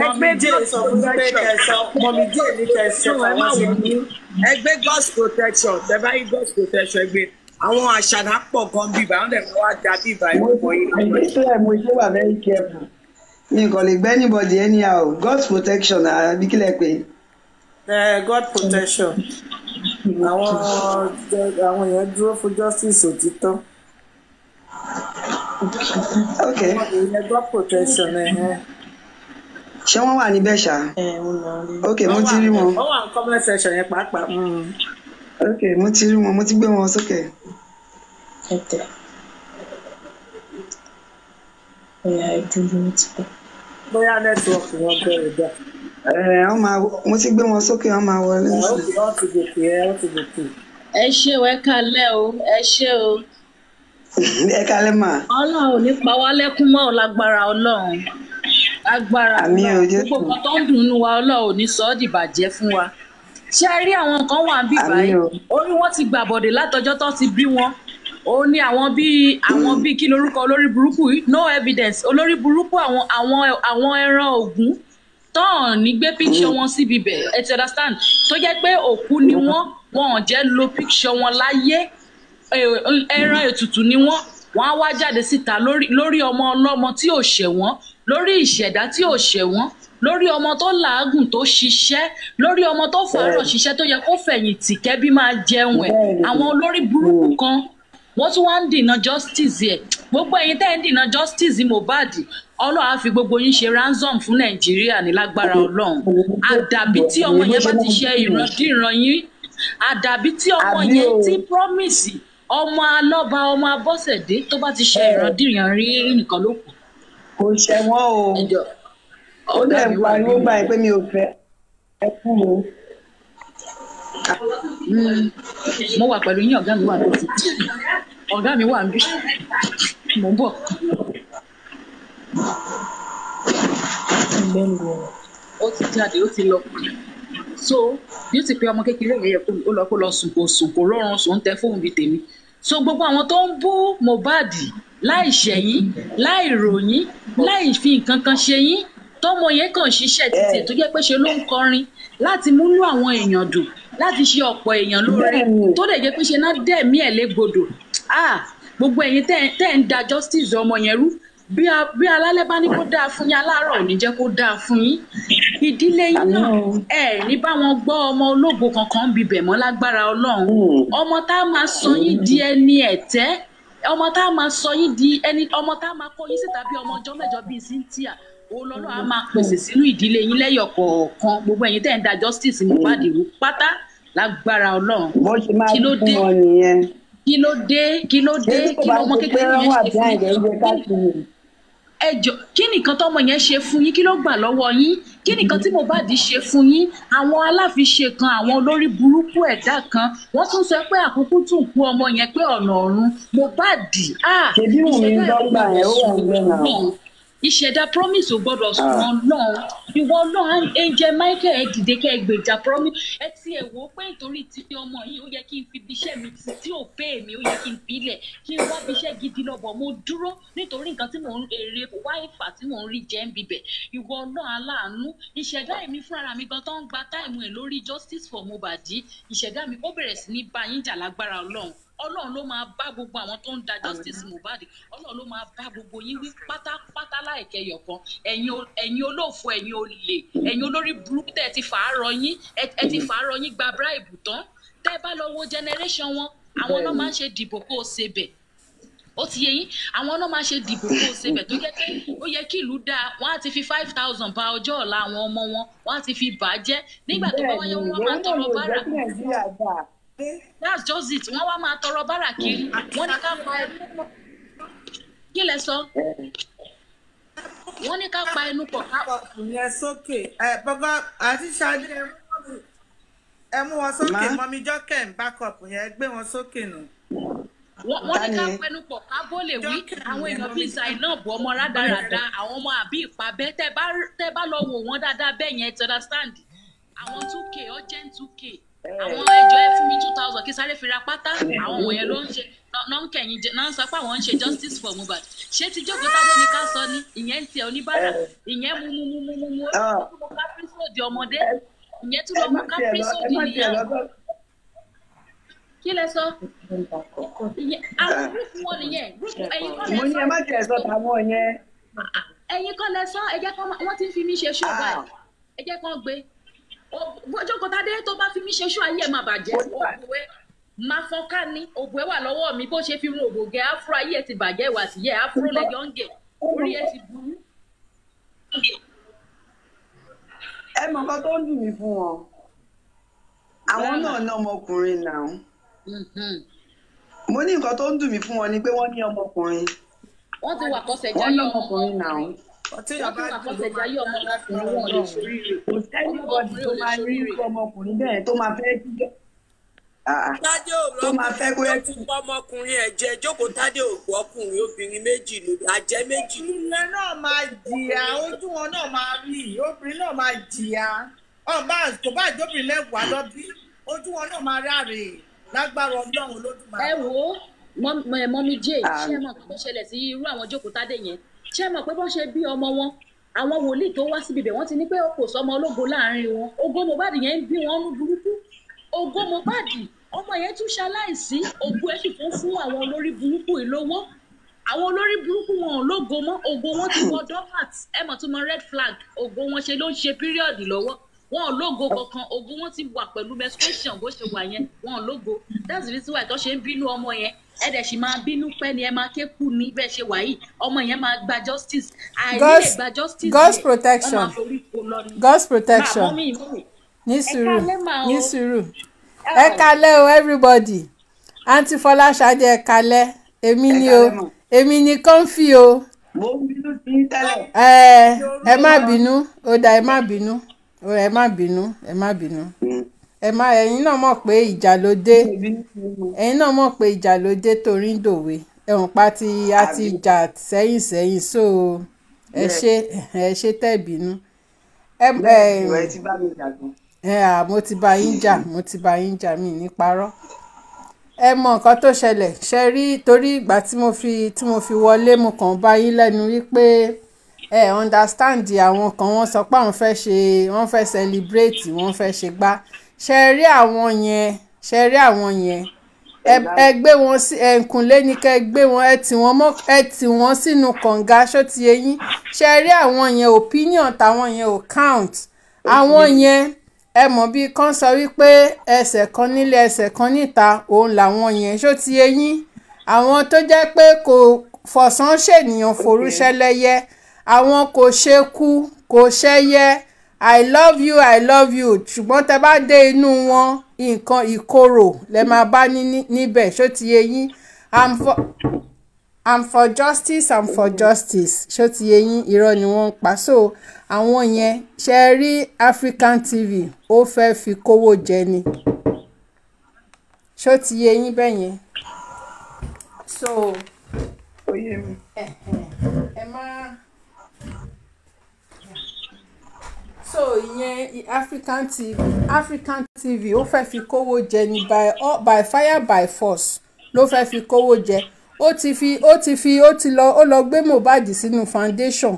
ẹgbẹ́ díẹ̀ sọ fún pé kẹsàn mọ̀mí díẹ̀ ní kẹsàn fọwọ́ sí i ẹgbẹ́ God's protection tẹ́bá yí God's protection ẹgbẹ́ àwọn àṣàdá pọ̀ gan bíbá àwọn ẹ̀fọ́ wa da bíbá ẹ̀ wọ̀ yìí. mo ṣe mo ṣe wà very careful mi kò lè gbẹ́ anybody anyhow God's protection àbí kílẹ̀ pé. God protection àwọn àwọn èèyàn dúró fún justice òtítọ́ ok. ẹgbọ́ protection ẹ̀ ṣé wọ́n wà níbẹ̀ ṣá. ok mo ti rí wọn. ó wà ní comment section yẹn pàápàá. ok mo ti rí wọn mo ti gbé wọn sókè. ẹ tẹ ọ̀yà ìdúró ti pọ̀. bóyá network wọn bẹ̀rẹ̀ bẹ́ẹ̀. ẹ ọ máa mo ti gbé wọn sókè ọ máa wọlé. ẹ ṣe wẹ́kálẹ́ o ẹ ṣe o ẹ kálẹ́ mà. ọlọ́run ò ní pa wá lẹ́kún mọ́ ọ lágbára ọlọ́run agbára gbogbo kan tó ń dùnnú wa ọlọ́run ò ní sọ ọ́ dìbàjẹ́ fún wa ṣé ẹ rí àwọn kan wà bí báyìí orí wọn ti gbàbọdè látọjọ́ tó ti bí wọn òun ni àwọn bíi àwọn bíi kí lorúkọ olórí burúkú no evidence olórí burúkú àwọn àwọn àwọn ẹran ògún tán ní gbé píkṣọ mm. wọn síbi bẹ̀ ẹ ti understand tó jẹ́ pé òkú ni wọ́n wọn ò jẹ́ lo píkṣọ wọn láyé ẹran ètùtù ni wọ́n wọ́n á wá jáde síta lórí ọmọ ọlọ́mọ tí ò ṣẹ̀ wọ́n lórí ìṣẹ̀dá tí ò ṣẹ̀ wọ́n lórí ọmọ tó làágùn tó ṣiṣẹ́ lórí ọmọ tó fàárọ̀ ṣiṣẹ́ tó yẹ kó fẹ̀yìntì kẹ́bí máa jẹun ẹ̀ àwọn olórí burúkú kan wọ́n tún wá ń dìnà justice ẹ̀ gbogbo ẹ̀yin tẹ́ ẹ̀ ń dìnà justice Mohbad ọlọ́run fi gbogbo yín ṣe ransom fún Nàìjíríà ní lágbára ọlọ́run àdàbí tí ọmọ yẹn bá ti ṣe ìrandíran yín àdàbí tí ọmọ yẹn ti promise ọmọ alọ́ba ọmọ abọ́sẹ̀dé tó bá ti ṣe ìrandíran rí nìkan ló kù. kò ṣẹ̀wọ́n o ó dẹ̀ ń pariwo báyìí pé mi ò fẹ́ ẹ fún o. Hmm. mo wà pẹ̀lú yín ọ̀gá mi wà lóṣù ọ̀gá mi wà ń bí mò ń bọ̀. ó ti jáde ó ti lọ so bí ó ti pe ọmọ kékeré yẹn yẹ kó lọ kó lọ sùn kó sùn kó rọrùn sùn ń tẹ fóun bíi tèmi so gbogbo àwọn tó ń bú Mohbad láì ṣẹ̀yìn láì ròyìn láì fi nǹkan kan ṣe yín tọmọ yẹn kàn ṣiṣẹ́ títí tó jẹ́ pé ṣe ló ń kọrin láti múnú àwọn èèyàn dùn láti ṣe ọ̀pọ̀ èèyàn lóore tó dẹ̀ jẹ́ pé ṣe náà dẹ̀mí ẹ̀ légbodò gbogbo ẹ̀yin tẹ́ ń da justice ọmọ yẹn rú bí alálẹ́ bá ní kó dáa fún yín aláàárọ̀ ò ní jẹ́ kó dáa fún yín ìdílé yín náà ẹ ní bá wọn gbọ́ ọmọ ológo kankan bíbẹ̀ mọ́ lágbára ọlọ́run hmm. ọmọ tá a máa sọ yín di ẹni ẹ̀tẹ́ ọmọ tá a máa sọ yín di ẹni ọmọ tá a máa kó yín síta bí ọmọ ọjọ́ mẹ́jọ bíi cynthia olọ́lọ́ a máa pèsè sínú ìdílé yín lẹ́yọ̀ kọ̀ọ̀kan gbogbo ẹ̀yin tẹ̀ ń da justice Mohbad rú pátá lágbára ọlọ́run kí ló dé kí ló dé kí ló dé kí ló mọ kékeré yẹn ṣe fún yín ẹ jọ kí nìkan tọmọ yẹn ṣe fún yín kí ló gbà lọ́wọ́ yín kí nìkan tí Mohbad ṣe fún yín àwọn aláfiṣe kan àwọn olórí burúkú ẹ̀dá kan wọ́n tún sọ pé àkókò tún kú ọmọ yẹn pé ọ̀nà ọ̀run Mohbad. ṣèbí wùmí dọ́gba ẹ̀ ó wà ń gbẹ̀ràn ìṣẹ̀dá promise ò gbọ́dọ̀ sùn wọn ah. náà ìwọ náà angel michael ẹ dìde kẹ ẹ gbèjà promise ẹ ti ẹ wò ó pé nítorí ti ọmọ yìí ó yẹ kí n fi ibiṣẹ́ mi ti tí ò pé mi ó yẹ kí n fi ilẹ̀ kí n wá ibiṣẹ́ gidi lọ́bọ̀ mo dúró nítorí nǹkan tí mò ń èrè wáìfà tí mò ń rí jẹ́ ń bibẹ̀ ìwọ náà aláàánú ìṣẹ̀dá èmi fúnra mi gan tó ń gba táìmù ẹ̀ lórí justice for Mohbad ìṣẹ̀dá mi ó bẹ̀rẹ̀ sí ní bá yín jà lágbára ọlọ́run ọlọ́run ló máa bá gbogbo àwọn tó ń da justice Mohbad ọlọ́run ló máa bá gbogbo yín wí pátápátá láìkẹ́ yọ̀kan ẹ̀yin olóòfo ẹ̀yin olè ẹ̀yin olórí burúkú tẹ̀ ti fàárọ̀ yín ẹ ti fàárọ̀ yín gba bribe tán tẹ́ bá lọ wo generation wọn àwọn náà máa ń ṣe dìbò kó o ṣe bẹ̀ ó ti yẹ yín àwọn náà máa ṣe dìbò kó o ṣe bẹ̀ tó yẹ pé ó yẹ kí ìlú dáa wọ́n á ti fi five thousand ba ọjọ́ ọ̀la àwọn ọmọ wọn wọ́n á ti fi bàá jẹ́ nígbà tó bá wáyé wọn máa tọrọ bára that's just it wọ́n wá máa tọrọ bára kiri wọ́n ní ká pa ẹnu pọ̀ kí lẹ sọ wọ́n ní ká pa ẹnu pọ̀ ká. ìyẹn sókè ẹ bọ́gá àti ṣáájú ẹ mú wọn sókè mọ́mí jọ́kẹ́ ń backup yẹn gbé wọn sókè nù wọ́n ní ká pẹnu pọ̀ ká bó lè wí àwọn èèyàn bíi zainab ọmọ rádaràda àwọn ọmọ àbí ìpàbẹ tẹ bá lọ wò wọ́n dáadáa bẹ́ẹ̀ yẹn ti understand àwọn two k urgent two k àwọn ẹjọ́ ẹ fún mi two thousand kí sáré fi ra pátá àwọn wọ̀nyẹn ló ń ṣe nọ́ńkẹ̀yìn náà ń sọ pé àwọn ń ṣe justice for Mohbad ṣé ti jókòó sáde ní ká sọ ni ìyẹn ń tiẹ̀ oníbàárà ìyẹn mú mú mú mú mú mú ó kápírísì òdì ọmọdé ìyẹn tún lọ mú kápírísì òdì nìyẹn kí lẹ sọ àwọn gúrúùpù wọn nìyẹn gúrúùpù ẹ̀yin kọ́ lẹ sọ mo ní ẹ má tẹ̀ sọ tàwọn yẹn ah, ah. ẹ̀yin kọ́ lẹ sọ ẹ jẹ́ kọ́ wọ́n ti ń fi mí ṣe ṣọ́ọ̀bà ẹ jẹ́ kọ́ gbé ọjọ́ kan tádé tó bá fi mí ṣe ṣú ayé ẹ̀ máa bàjẹ́ ògbóẹ́ máa fọ́nká ní ògbóẹ́ wà lọ́wọ́ mi bó ṣe fi run ògbógẹ́ afro ayé ẹ̀ ti bàjẹ́ ìwà sí yẹ afro lẹ́yọ̀ ń gẹ̀ orí ẹ̀ ti burú. ẹ mọ nǹkan tó ń dùn mí fún wọn àwọn náà ní ọmọkùnrin náà mm-hmm. mo ní nǹkan tó ń dùn mí fún wọn ni pé wọ́n ní ọmọkùnrin wọ́n ti wà kọ́sẹ̀ jáyọ̀ ọmọkùnrin náà ọtí bàbá àtẹjáyé tó máa fẹ́ jíjẹ́. Ah, ah. tádé òrò ọmọkùnrin ẹ̀ jẹ́ jókòó tádé òrò ọkùnrin obìnrin méjì ló àjẹ́ méjì ló. náà máa jìyà ojú wọn náà máa rí obìnrin náà máa jìyà ọba tó bá jóbìnrin mẹ́wàá lọ bí ojú wọn náà máa ráre lágbára ọlọ́run lódùmarè. ẹ wo mọ́mí jay ah. ṣé ẹ mọ̀ kí ló ṣẹlẹ̀ sí irú àwọn jókòó tádé yẹn ṣé mọ̀ pé bọ́n ṣe bí ọmọ wọn àwọn wòlíì tó wá síbi ibẹ̀ wọ́n ti ní pé kò sọmọ ológo láàrin wọn ògo Mohbad yẹn ń bí wọn ní burúkú ògo Mohbad ọmọ yẹn tún ṣaláìsí ògo ẹ̀ sì fún fún àwọn olórí burúkú ìlówó àwọn olórí burúkú wọn ò lógo mọ́ ògo wọn ti wọ dormat ẹ mọ̀ tó mọ red flag ògo wọn ṣe ló ń ṣe píríọ̀dù lọ́wọ́ wọn ò lógo kankan ògo wọn ti wà pẹ̀lú menstruation bó ṣe wà yẹn wọn ò lógo that's the reason why tó ṣe ń bínú ọmọ yẹn ẹ dẹ̀ sì máa bínú pẹ́ ni ẹ máa ké kú ní bẹ́ẹ̀ ṣe wà yìí ọmọ yẹn máa gba justice àìlè gba justice God's protection God's protection ní sùúrù ní sùúrù ẹ kalẹ́ o everybody aunty Fọláṣadé ẹ kalẹ́ èmi ni o èmi ni kọ́ńfì o ẹ ẹ má bínú ó dà ẹ má bínú ẹ má bínú ẹ má bínú. Hmm ẹ má ẹ̀yin náà mọ̀ pé ìjà ló dé ẹ̀yin náà mọ̀ pé ìjà ló dé torí ń dòwe ẹ̀wọ̀n pa ti a ti jà sẹ́yìn sẹ́yìn so ẹ ṣe ẹ ṣe tẹ̀bínú. ẹ ẹ ẹ ti bá mi jà gan. ẹ à mo ti bá yín jà mo ti bá yín jà mí ní parọ́ ẹ mọ nǹkan tó ṣẹlẹ̀ ṣe rí torí ìgbà tí mo fi tí mo fi wọlé mo kàn bá yín lẹ́nu wípé ẹ understand àwọn kan wọ́n sọ pé àwọn fẹ́ ṣe wọ́n fẹ́ celebrate wọ́n fẹ́ ṣe gbá ṣe rí àwọn yẹn ṣe rí àwọn yẹn ẹ gbé wọn sí ẹ̀ǹkùnlé ni kẹ́ ẹ gbé wọn ẹ tì wọ́n mọ́ ẹ tì wọ́n sínú kànga ṣó ti yé ṣe rí àwọn yẹn opinion táwọn yẹn ò count àwọn yẹn ẹ mọ̀ bí kan sọ wípé ẹsẹ̀ kan nílé ẹsẹ̀ kan níta òun làwọn yẹn ṣó ti yé yín àwọn tó jẹ́ pé kò fọ̀sán ṣènìyàn forúṣẹ́ àwọn kò ṣe kú kò ṣẹ́yẹ. Okay i love you i love you ṣùgbọ́n tẹ́ bá dé inú wọn nǹkan ìkorò lẹ máa bá níbẹ̀ ṣó ti yé yín i'm for i'm for justice i'm for justice ṣó ti yé yín irọ́ ni wọ́n ń pa so àwọn yẹn ṣe rí african tv ó fẹ́ẹ́ fi kówó jẹ ni ṣó ti yé yín bẹ́ẹ̀ yẹn so. ó yé ẹ má. so ìyẹn African TV African TV ó fẹ́ fi kówó jẹ ni by, by fire by force ló fẹ́ fi kówó jẹ ó ti fi ó ti fi ó ti lọ ó lọ gbé Mohbad sínú foundation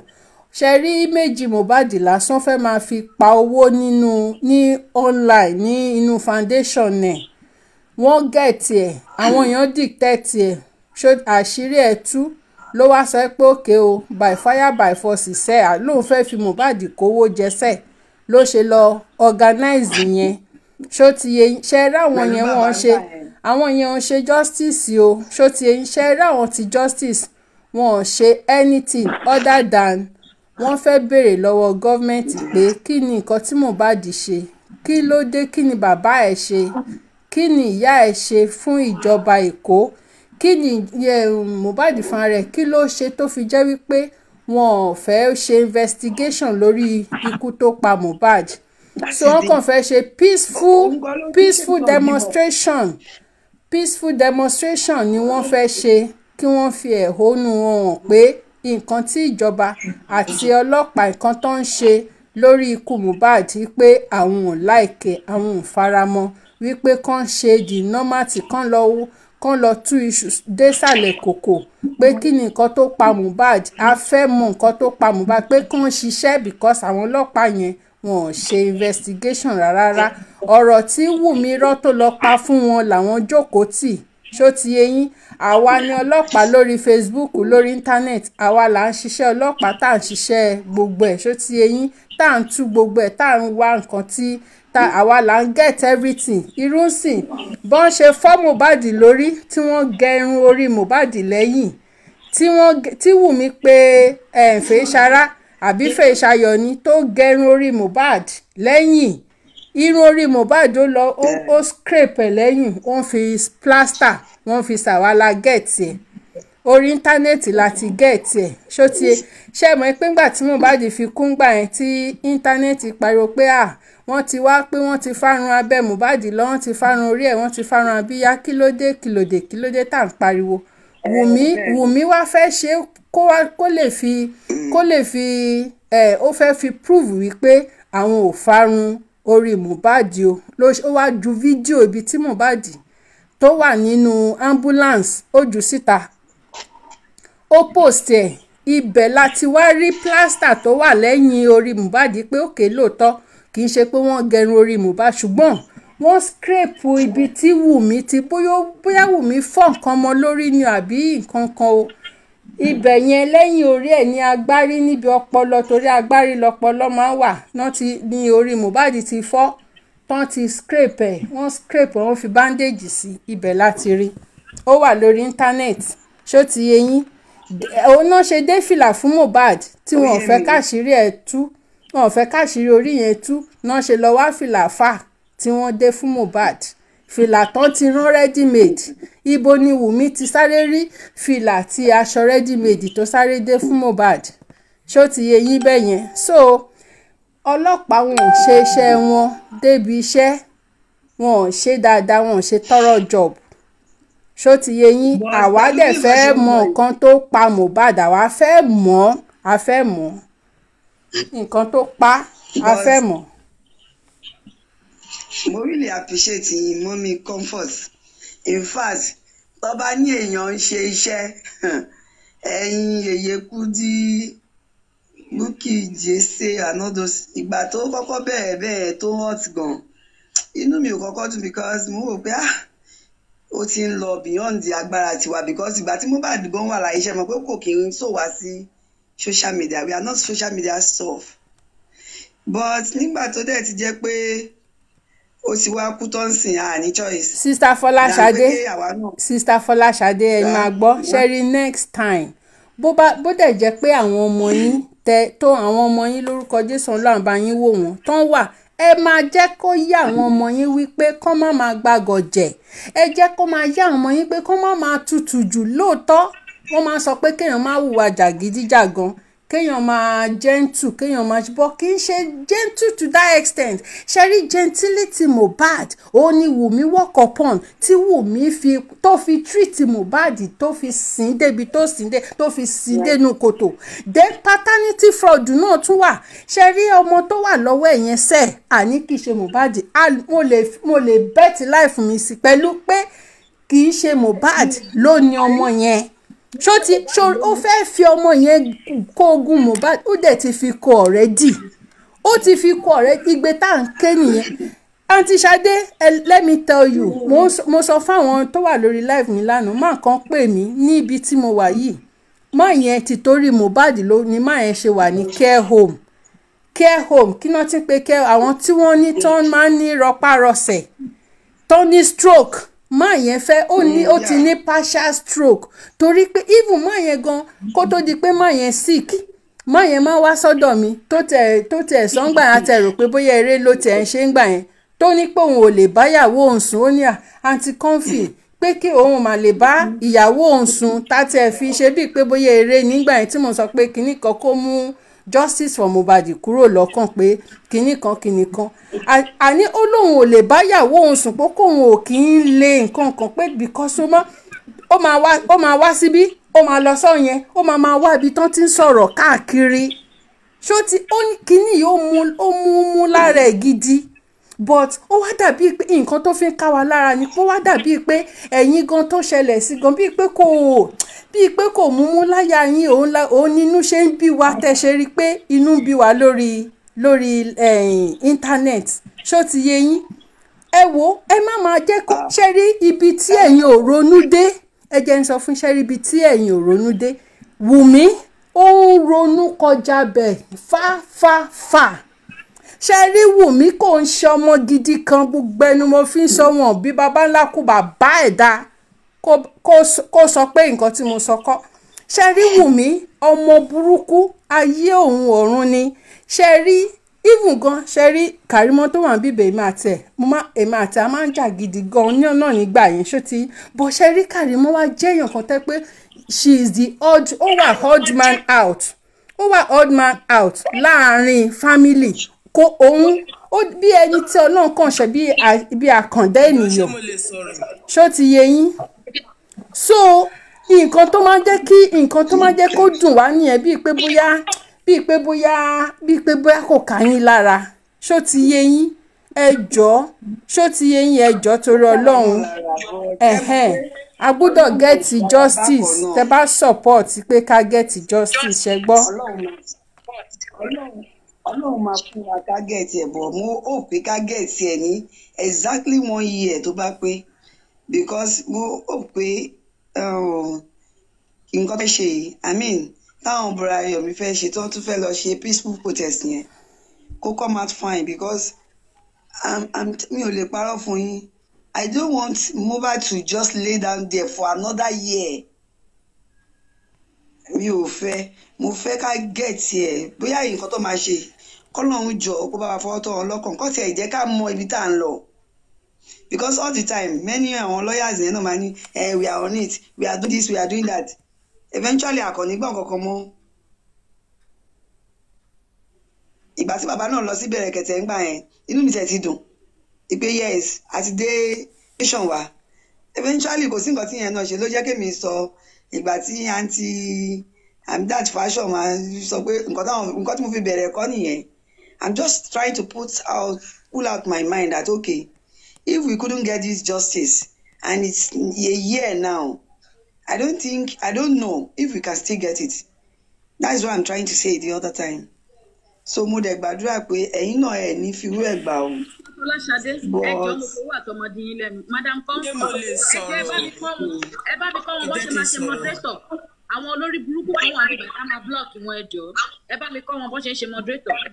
ṣe rí méjì Mohbad lásán fẹ́ máa fi pa owó nínú ní online ní inú foundation ẹ̀ wọ́n gẹ̀ẹ́tì ẹ̀ àwọn èèyàn dìtẹ́tì ẹ̀ àṣírí ẹ̀ tú ló wáá sọ pé òkè o by fire by force ṣe à lóun fẹ́ẹ́ fi Mohbad kówó jẹsẹ̀ ló ṣe lọ organize yẹn ṣó ti yẹ ṣe ráwọn yẹn wọ́n ṣe àwọn yẹn ń ṣe justice o ṣó ti yẹ ṣe ráwọn ti justice wọn ò ṣe anything other than wọ́n fẹ́ béèrè lọ́wọ́ government pé kí ni nǹkan tí Mohbad ṣe kí ló dé kí ni bàbá ẹ̀ ṣe kí ni ìyá ẹ̀ ṣe fún ìjọba Èkó kí ni um, Mohbad fúnra rẹ̀ kí ló ṣe tó fi jẹ́ wípé wọn ò fẹ́ ṣe investigation lórí ikú tó pa Mohbad so wọn kàn fẹ́ ṣe peaceful peaceful demonstration peaceful demonstration ni wọ́n fẹ́ ṣe kí wọ́n fi ẹ̀hónú wọn hàn pé nǹkan tí ìjọba àti ọlọ́pàá nǹkan tó ń ṣe lórí ikú Mohbad pé àwọn ò láìkè àwọn ò faramọ́ wípé kàn ṣe di normal tí kàn lọ́wọ́ kán lọ tú iṣu désàlẹ̀ kòkò pé kí ni nǹkan tó pa Mohbad a fẹ́ mọ nǹkan tó pa Mohbad pé kán ṣiṣẹ́ because àwọn ọlọ́pàá yẹn wọn ò ṣe investigation rárá ọ̀rọ̀ tí Wùmí rọ́ tó lọ pa fún wọn làwọn jókòó tì ṣó ti eyín àwa ni ọlọ́pàá lórí Facebook lórí internet àwa là ń ṣiṣẹ́ ọlọ́pàá tá à ń ṣiṣẹ́ gbogbo ẹ̀ ṣó ti eyín tá à ń tú gbogbo ẹ̀ tá à ń wá nǹkan tí àwa là ń get everything irú sìn bọ́n ṣe fọ́ Mohbad lórí tí wọ́n gẹ irun orí Mohbad lẹ́yìn tí Wùmí pé ẹ̀ ń fèé ṣara àbí fèé ṣayọ̀ ni tó gẹ irun orí Mohbad lẹ́yìn irun orí Mohbad ó lọ ó scrape lẹ́yìn wọ́n fi plaster wọ́n fi ṣàwálà gẹ̀ẹ́tì ẹ̀ orí íńtánẹ́ẹ̀tì láti gẹ̀ẹ́tì ẹ̀ ṣó ti ṣe mọ̀ pé ńgbà tí Mohbad fi kún gbà yẹn tí íńtánẹ́ẹ̀tì pariwo pé à wọ́n ti wá pé wọ́n ti fárun abẹ́ Mohbad lọ wọ́n ti fárun orí ẹ̀ wọ́n ti fárun abíyá kílódé kílódé kílódé tá à ń pariwo Wùmí Wùmí wá fẹ́ ṣe kó lè fi kó lè fi ẹ̀ ó fẹ́ fi prove wípé àwọn ò fárun orí mohbad o ló wáá ju fídíò ibi tí mohbad tó wà nínú ambulance ó jù síta ó post ẹ̀ ibẹ̀ láti wá rí plaster tó wà lẹ́yìn orí mohbad pé òkè lóòótọ́ kì í ṣe pé wọ́n gẹrun orí mohbad ṣùgbọ́n wọ́n scrape ibi tí wùmí ti bóyá wùmí fọ́ nǹkan mọ́ lórí ni àbí nǹkan kan o ibẹ̀ yẹn lẹ́yìn orí ẹ̀ ní agbárí níbi ọpọlọ torí agbárí lọpọlọ máa ń wà náà ti ní orí Mohbad ti fọ́ tán ti scrape ẹ̀ wọ́n scrape wọ́n fi bandage sí ibẹ̀ láti rí ó wà lórí íńtánẹ́ẹ̀tì ṣó ti eyín òun náà ṣe dé fìlà fún Mohbad tí wọn ò fẹ́ káṣírí ẹ̀ tú wọn ò fẹ́ káṣírí orí yẹn tú náà ṣe lọ wá fìlà fà tí wọ́n dé fún Mohbad fìlà tán ti rán ready made ibo ni wùmí ti sáré rí fìlà àti aṣọ rẹ́dímèdì tó sáré dé fún Mohbad ṣó ti yé yín bẹ́ẹ̀ yẹn so ọlọ́pàá wọn ò ṣe iṣẹ́ wọn débi iṣẹ́ wọn ò ṣe dáadáa wọn ò ṣe tọrọ job ṣó ti yé yín àwa dẹ̀ fẹ́ mọ nǹkan tó pa Mohbad àwa fẹ́ mọ̀ a fẹ́ mọ̀ nǹkan tó pa a fẹ́ mọ̀. mo really appreciate yín mommy. comfort in fact tó bá ní èèyàn ń ṣe iṣẹ́ ẹ̀yin èyí Kudi Bukky Jesse anodo ìgbà tó kọ́kọ́ bẹ̀rẹ̀ bẹ́ẹ̀ tó hot gan inú mi ò kọ́kọ́ dùn because mo rò pé ah ó ti ń lọ beyond agbára tiwa because ìgbà tí mo bá dùgbò ń wà láyé iṣẹ́ mọ̀ pé kò kì í sọ wá sí social media we are not social media soft. but nígbà tó dẹ̀ ti jẹ́ pé ó ti wá kú tó ń sìn á ní choice. sista fọláṣadé sista fọláṣadé ẹ máa gbọ́ ṣẹ́rí next time bó bá bó dẹ̀ jẹ́ pé àwọn ọmọ yín tẹ tó àwọn ọmọ yín lórúkọ jésù ọlọ́run bá yín wò wọ́n tán wà ẹ máa jẹ́ kó yá àwọn ọmọ yín wípé kán má máa gbàgọ̀ jẹ̀ ẹ jẹ́ kó máa yá àwọn ọmọ yín pé kán má máa tutù jù lóòótọ́ wọ́n máa sọ pé kéèyàn má hùwà jàgídíjàgan kéèyàn máa gentle kéèyàn máa bọ́ kì í ṣe gentle to that extent ṣẹ́rí gentility Mohbad ó ní Wùmí work upon tí Wùmí fi tó fi treat Mohbad tó fi sìn débi tó sìn dé tó fi sìn dénú kòtò then paternity fraud náà tún wà ṣẹ́rí ọmọ tó wà lọ́wọ́ ẹ̀yẹn sẹ́ àní kì í ṣe Mohbad mo lè bẹ́ẹ̀tì láì fún mi sí pẹ̀lú pé kì í ṣe Mohbad ló ní ọmọ yẹn ṣó ti ṣó ó fẹ́ fi ọmọ yẹn kó ogun Mohbad ó dẹ̀ ti fi kó ọ̀rẹ́ dì ó ti fi kó ọ̀rẹ́ igbe tá à ń ké nìyẹn àǹtí Ṣadé let me tell you mo sọ fáwọn tó wà lórí live mi lánàá má kàn pè mí ní ibi tí mo wà yìí má yẹn ti torí Mohbad ló ni má yẹn ṣe wà ní care home care home kí náà ti pè care àwọn tí wọ́n ní tán máa ń ní rọpárọsẹ̀ tó ní stroke máa yẹn fẹ́ ó ní ó ti ní partial stroke torí pé even máa yẹn gan kó tó di pé máa yẹn sick máa yẹn máa wá sọ́dọ̀ mi tó tẹ̀ tó tẹ̀ sọ́ngbà àtẹ̀rò pé bóyá eré ló tẹ̀ ń ṣe ń gbà yẹn tó ní pé òun ò lè báyàwó òun sùn ó ní à àǹtí kọ́ńfì pé kí òun mà lè bá ìyàwó òun sùn tá tẹ̀ fi ṣe bíi pé bóyá eré nígbà yẹn tí mo sọ pé kinní kan kó mú justice for Mohbad kúrò lọ́kàn pé kinní kan kinní kan àní ó lóun ò lè báyàwó òun sùn pé kóun ò kí ń le nǹkan kan pé because ó máa wá síbí ó máa lọ sọ́ọ̀ yẹn ó máa máa wá ibi tán ti ń sọ̀rọ̀ káàkiri ṣó ti kinní yìí ó mú ó mú mú lára ẹ̀ gidi but ó wá dàbí pé nǹkan tó fi ń ká wa lára ni pé ó wá dàbí pé ẹ̀yin gan tó ṣẹlẹ̀ sí gan bíi pé kò bíi pé kò múmú láyà yín òun nínú ṣe ń bí wa tẹ́ rí pé inú ń bí wa lórí lórí eh, internet ṣó ti yé yín ẹ wo ẹ má máa jẹ́ kó ṣe rí ibi tí ẹ̀yin ò ronú dé ẹ jẹ́ ń sọ fún ṣe rí ibi tí ẹ̀yin ò ronú dé Wùmí ó ń ronú kọjá bẹ̀ fáfáfá ṣe rí wùmí kò ń ṣe ọmọ gidi kan gbogbo ẹnu mo fi ń sọ wọn bí baba ńlá kù bàbá da. kó sọ pé nǹkan tí mo sọ kọ́ ṣe rí wùmí ọmọ burúkú ayé òun ọ̀run ni ṣe rí even gan ṣe rí kàrímọ́ tó wà ń bíbẹ̀ èmi àti ẹ̀ èmi àti ẹ̀ máa ń jà gidi gan ní ọ̀nà nígbà yẹn ṣó ti bọ̀ ṣe rí kàrímọ́ wá jẹ́yàn kan tẹ́ pé she is the odd ó wà odd man out ó wà odd man out láàrin family kó òun ó bí ẹni tí ọlọ́run kàn ṣe bí àkàndá ènìyàn ṣó ti yé yín so nǹkan tó máa ń jẹ́ kí nǹkan tó máa ń jẹ́ kó dùn wá nìyẹn bíi pé bóyá bíi pé bóyá bíi pé bóyá kò ká yín lára ṣó ti yé yín ẹ ṣó ti yé yín ẹ torí ọlọ́run ẹ̀hẹ́n a gbọ́dọ̀ get justice tẹ bá support pé ká get justice ṣe gbọ́ ọlọ́run máa fún wa ká gẹ̀ẹ́tì ẹ̀ bọ̀ mo ò pé ká gẹ̀ẹ́tì ẹ̀ ní exactly one year tó bá pé because mo ò pé um, nǹkan fẹ́ ṣe yìí i mean táwọn ọ̀bùra ayọ̀mí fẹ́ ṣe tó tún fẹ́ lọ ṣe peaceful protest yẹn kó come out fine because I'm, I'm, mi ò lè parọ́ fún yín i don't want mobile to just lay down there for another year mi ò fẹ́ mo fẹ́ ká gẹ̀ẹ́tì ẹ̀ bóyá nǹkan tó máa ṣe kọ́lọ́hún jọ kó bá wa fọwọ́ tọ́ wọn lọ́kàn kọ́ tiẹ̀ jẹ́ ká mọ ibi tá à ń lọ because all the time many àwọn lawyers yẹn náà máa ní eh, we are on it we are doing this we are doing that eventually àkànní gbọ̀n kankan mọ́ ìgbà tí bàbá náà lọ sí bẹ̀rẹ̀ kẹ̀tẹ̀ ń gbà yẹn inú mi tẹ̀ ti dùn ìpè yes àti dé patient wa eventually kò sí nǹkan tí yẹn náà ṣe ló jẹ́ kémi sọ ìgbà tí àǹtí Hamidat Fashion máa sọ pé nǹkan tí mo fi bẹ̀rẹ̀ kọ́ nìyẹn I'm just trying to put out, pull out my mind that okay, if we couldn't get this justice, and it's a year now, I don't think I don't know if we can still get it. That's what I'm trying to say the other time. So mo dẹ̀ gbàdúrà pé ẹ̀yin náà ẹ̀ ní fi wé ẹ̀gbà o. Madam Kọ́ńtò ẹ̀jẹ̀ bá mi moderator. Àwọn olórí a moderator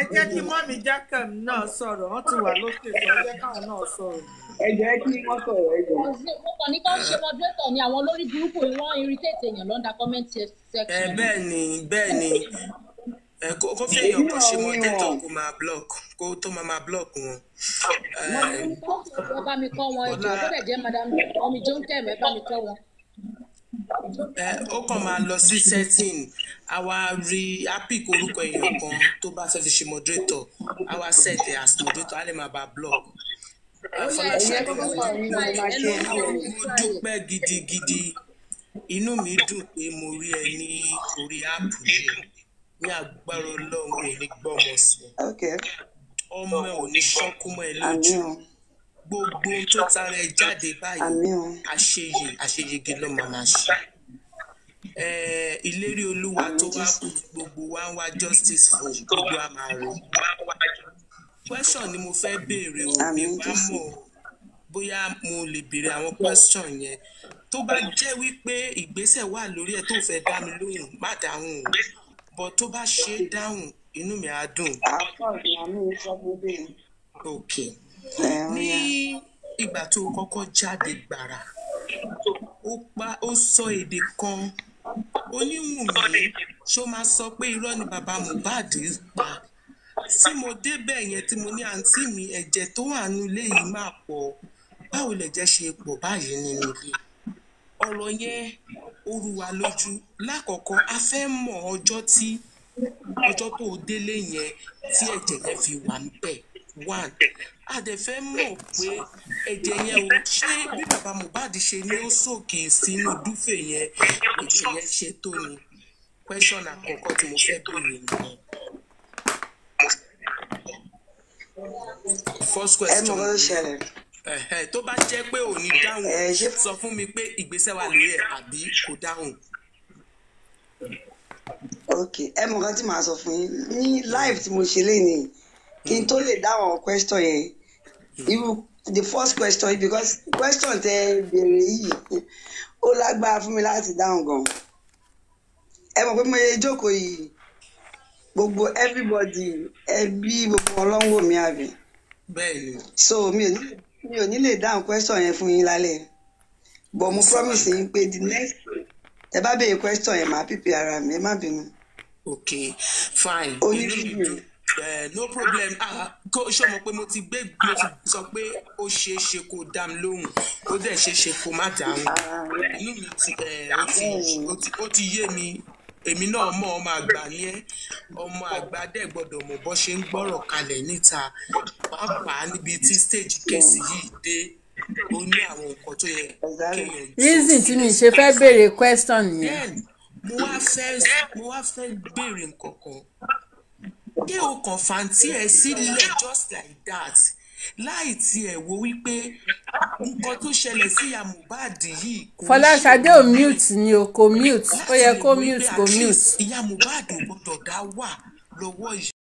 ẹ jẹ́ kí mọ́mí jákàm náà sọ̀rọ̀ wọ́n ti wà lókè sọ ẹ jẹ́ káwọn náà sọ̀rọ̀. ẹ jẹ́ kí wọ́n sọ̀rọ̀ ẹ jẹ́. mo kàn ní ká ṣe moderator ni àwọn olórí burúkú ni wọ́n èèyàn lọ́ndà comment section. ẹ bẹ́ẹ̀ ni bẹ́ẹ̀ ni kó fi èèyàn kan ṣe moderator kó máa block kó tó máa máa block wọn. mo ní kó bá mi kọ́ wọn ẹ̀jọ̀ kó madam ọmọ ìjọ́ńkẹ́ mẹ́ bá mi kọ́ wọn ó kàn máa lọ sí setting àwa rí apic orúkọ èèyàn kan tó bá fẹ́ fi ṣe moderator àwa set as moderator á lè máa bá block mo dúpẹ́ gidigidi inú mi dùn pé mo rí ẹ ní orí áàpù yìí ní agbára ọlọ́run èmi gbọ́mọ sí ọmọ ẹ ṣọ́kúmọ́ ẹ lójú gbogbo tó tara ẹ jáde báyìí àṣeyè àṣeyege ló máa máa ṣe ìlérí olúwa tó wá kú gbogbo wa ń wá justice fún gbogbo àmàrò. question ni mo fẹ́ béèrè o mi wá mọ̀ bóyá mo lè béèrè àwọn question yẹn tó bá jẹ́ wípé ìgbésẹ̀ wà lórí ẹ̀ tó fẹ́ dá mi lóyún má dáhùn o bọ̀ tó bá ṣe dáhùn inú mi á dùn. ok ní ìgbà tó kọ́kọ́ jáde gbàrà ó sọ èdè kan oníwùmí ṣó máa sọ pé irọ́ ni bàbá Mohbad pa tí mo débẹ̀ yẹn tí mo ní àǹtí mi ẹ̀jẹ̀ tó wà nínú ilé yìí máa pọ̀ báwo lẹ̀jẹ̀ ṣe pọ̀ báyìí nínú ilé ọ̀rọ̀ yẹn ó rú wa lójú lákọ̀ọ́kọ́ a fẹ́ mọ̀ ọjọ́ tí ọjọ́ tó délé yẹn tí ẹ̀jẹ̀ yẹn fi wà níbẹ̀ one a dẹ̀ fẹ́ mọ̀ pé ẹ̀jẹ̀ yẹn ò ṣe bí bàbá Mohbad ṣe ní ó sòkè sínú dúfè yẹn ẹ̀jẹ̀ yẹn ṣe tó ni question àkọ́kọ́ tí mo fẹ́ béèrè nìyẹn. first question. ẹ mọ̀ tó bá jẹ́ pé ò ní dáhùn sọ fún mi pé ìgbésẹ̀ wà lórí ẹ̀ àbí kò dáhùn. ok ẹ mọ̀ kan tí màá sọ fún yín ní live tí mo ṣe lénìí kí n tó lè dáhùn question yẹn hmm. irú the first question because question tẹ béèrè yìí ó lágbára fún mi láti dáhùn gan ẹ mọ̀ pé mo yẹ jókòó yìí gbogbo everybody ẹbí gbogbo ọlọ́wọ́ mi àbí. so mi ò ní lè dáhùn question yẹn fún yín lálẹ́ but mo promise yín pé the next ẹ bá béèrè question yẹn màá pípé ara mi ẹ má bínú. ok fine. onídùúdù. Eh, no problem ah, kó ṣọ́ mọ̀ pé mo ti gbé mo ti sọ pé ó ṣeé ṣe kó dá mi lóhùn ó dẹ̀ ṣe kó má dá wọn mi eh, ti ó ti yé mi èmi náà mọ ọmọ àgbà ni ẹ ọmọ àgbà dẹ gbọ́dọ̀ mọ bó ṣe ń gbọ́rọ̀ kalẹ̀ níta pàápàá níbi tí stage kẹsì yìí dé ó ní àwọn nǹkan tó yẹ kéèyàn. reason tí mi ṣe fẹ́ béèrè question yẹn. mo wá fẹ́ mo wá fẹ́ béèrè nǹkan kan pé o kàn fàǹtí ẹ sílẹ̀ just like that láì tiẹ̀ wo wípé nǹkan tó ṣẹlẹ̀ sí ìyá Mohbad yìí. Fọláṣadé ò mute ni o kò mute ó yẹ kó mute kò mute. ìyá ò gbọdọ̀ dá wà lọ́wọ́ yìí.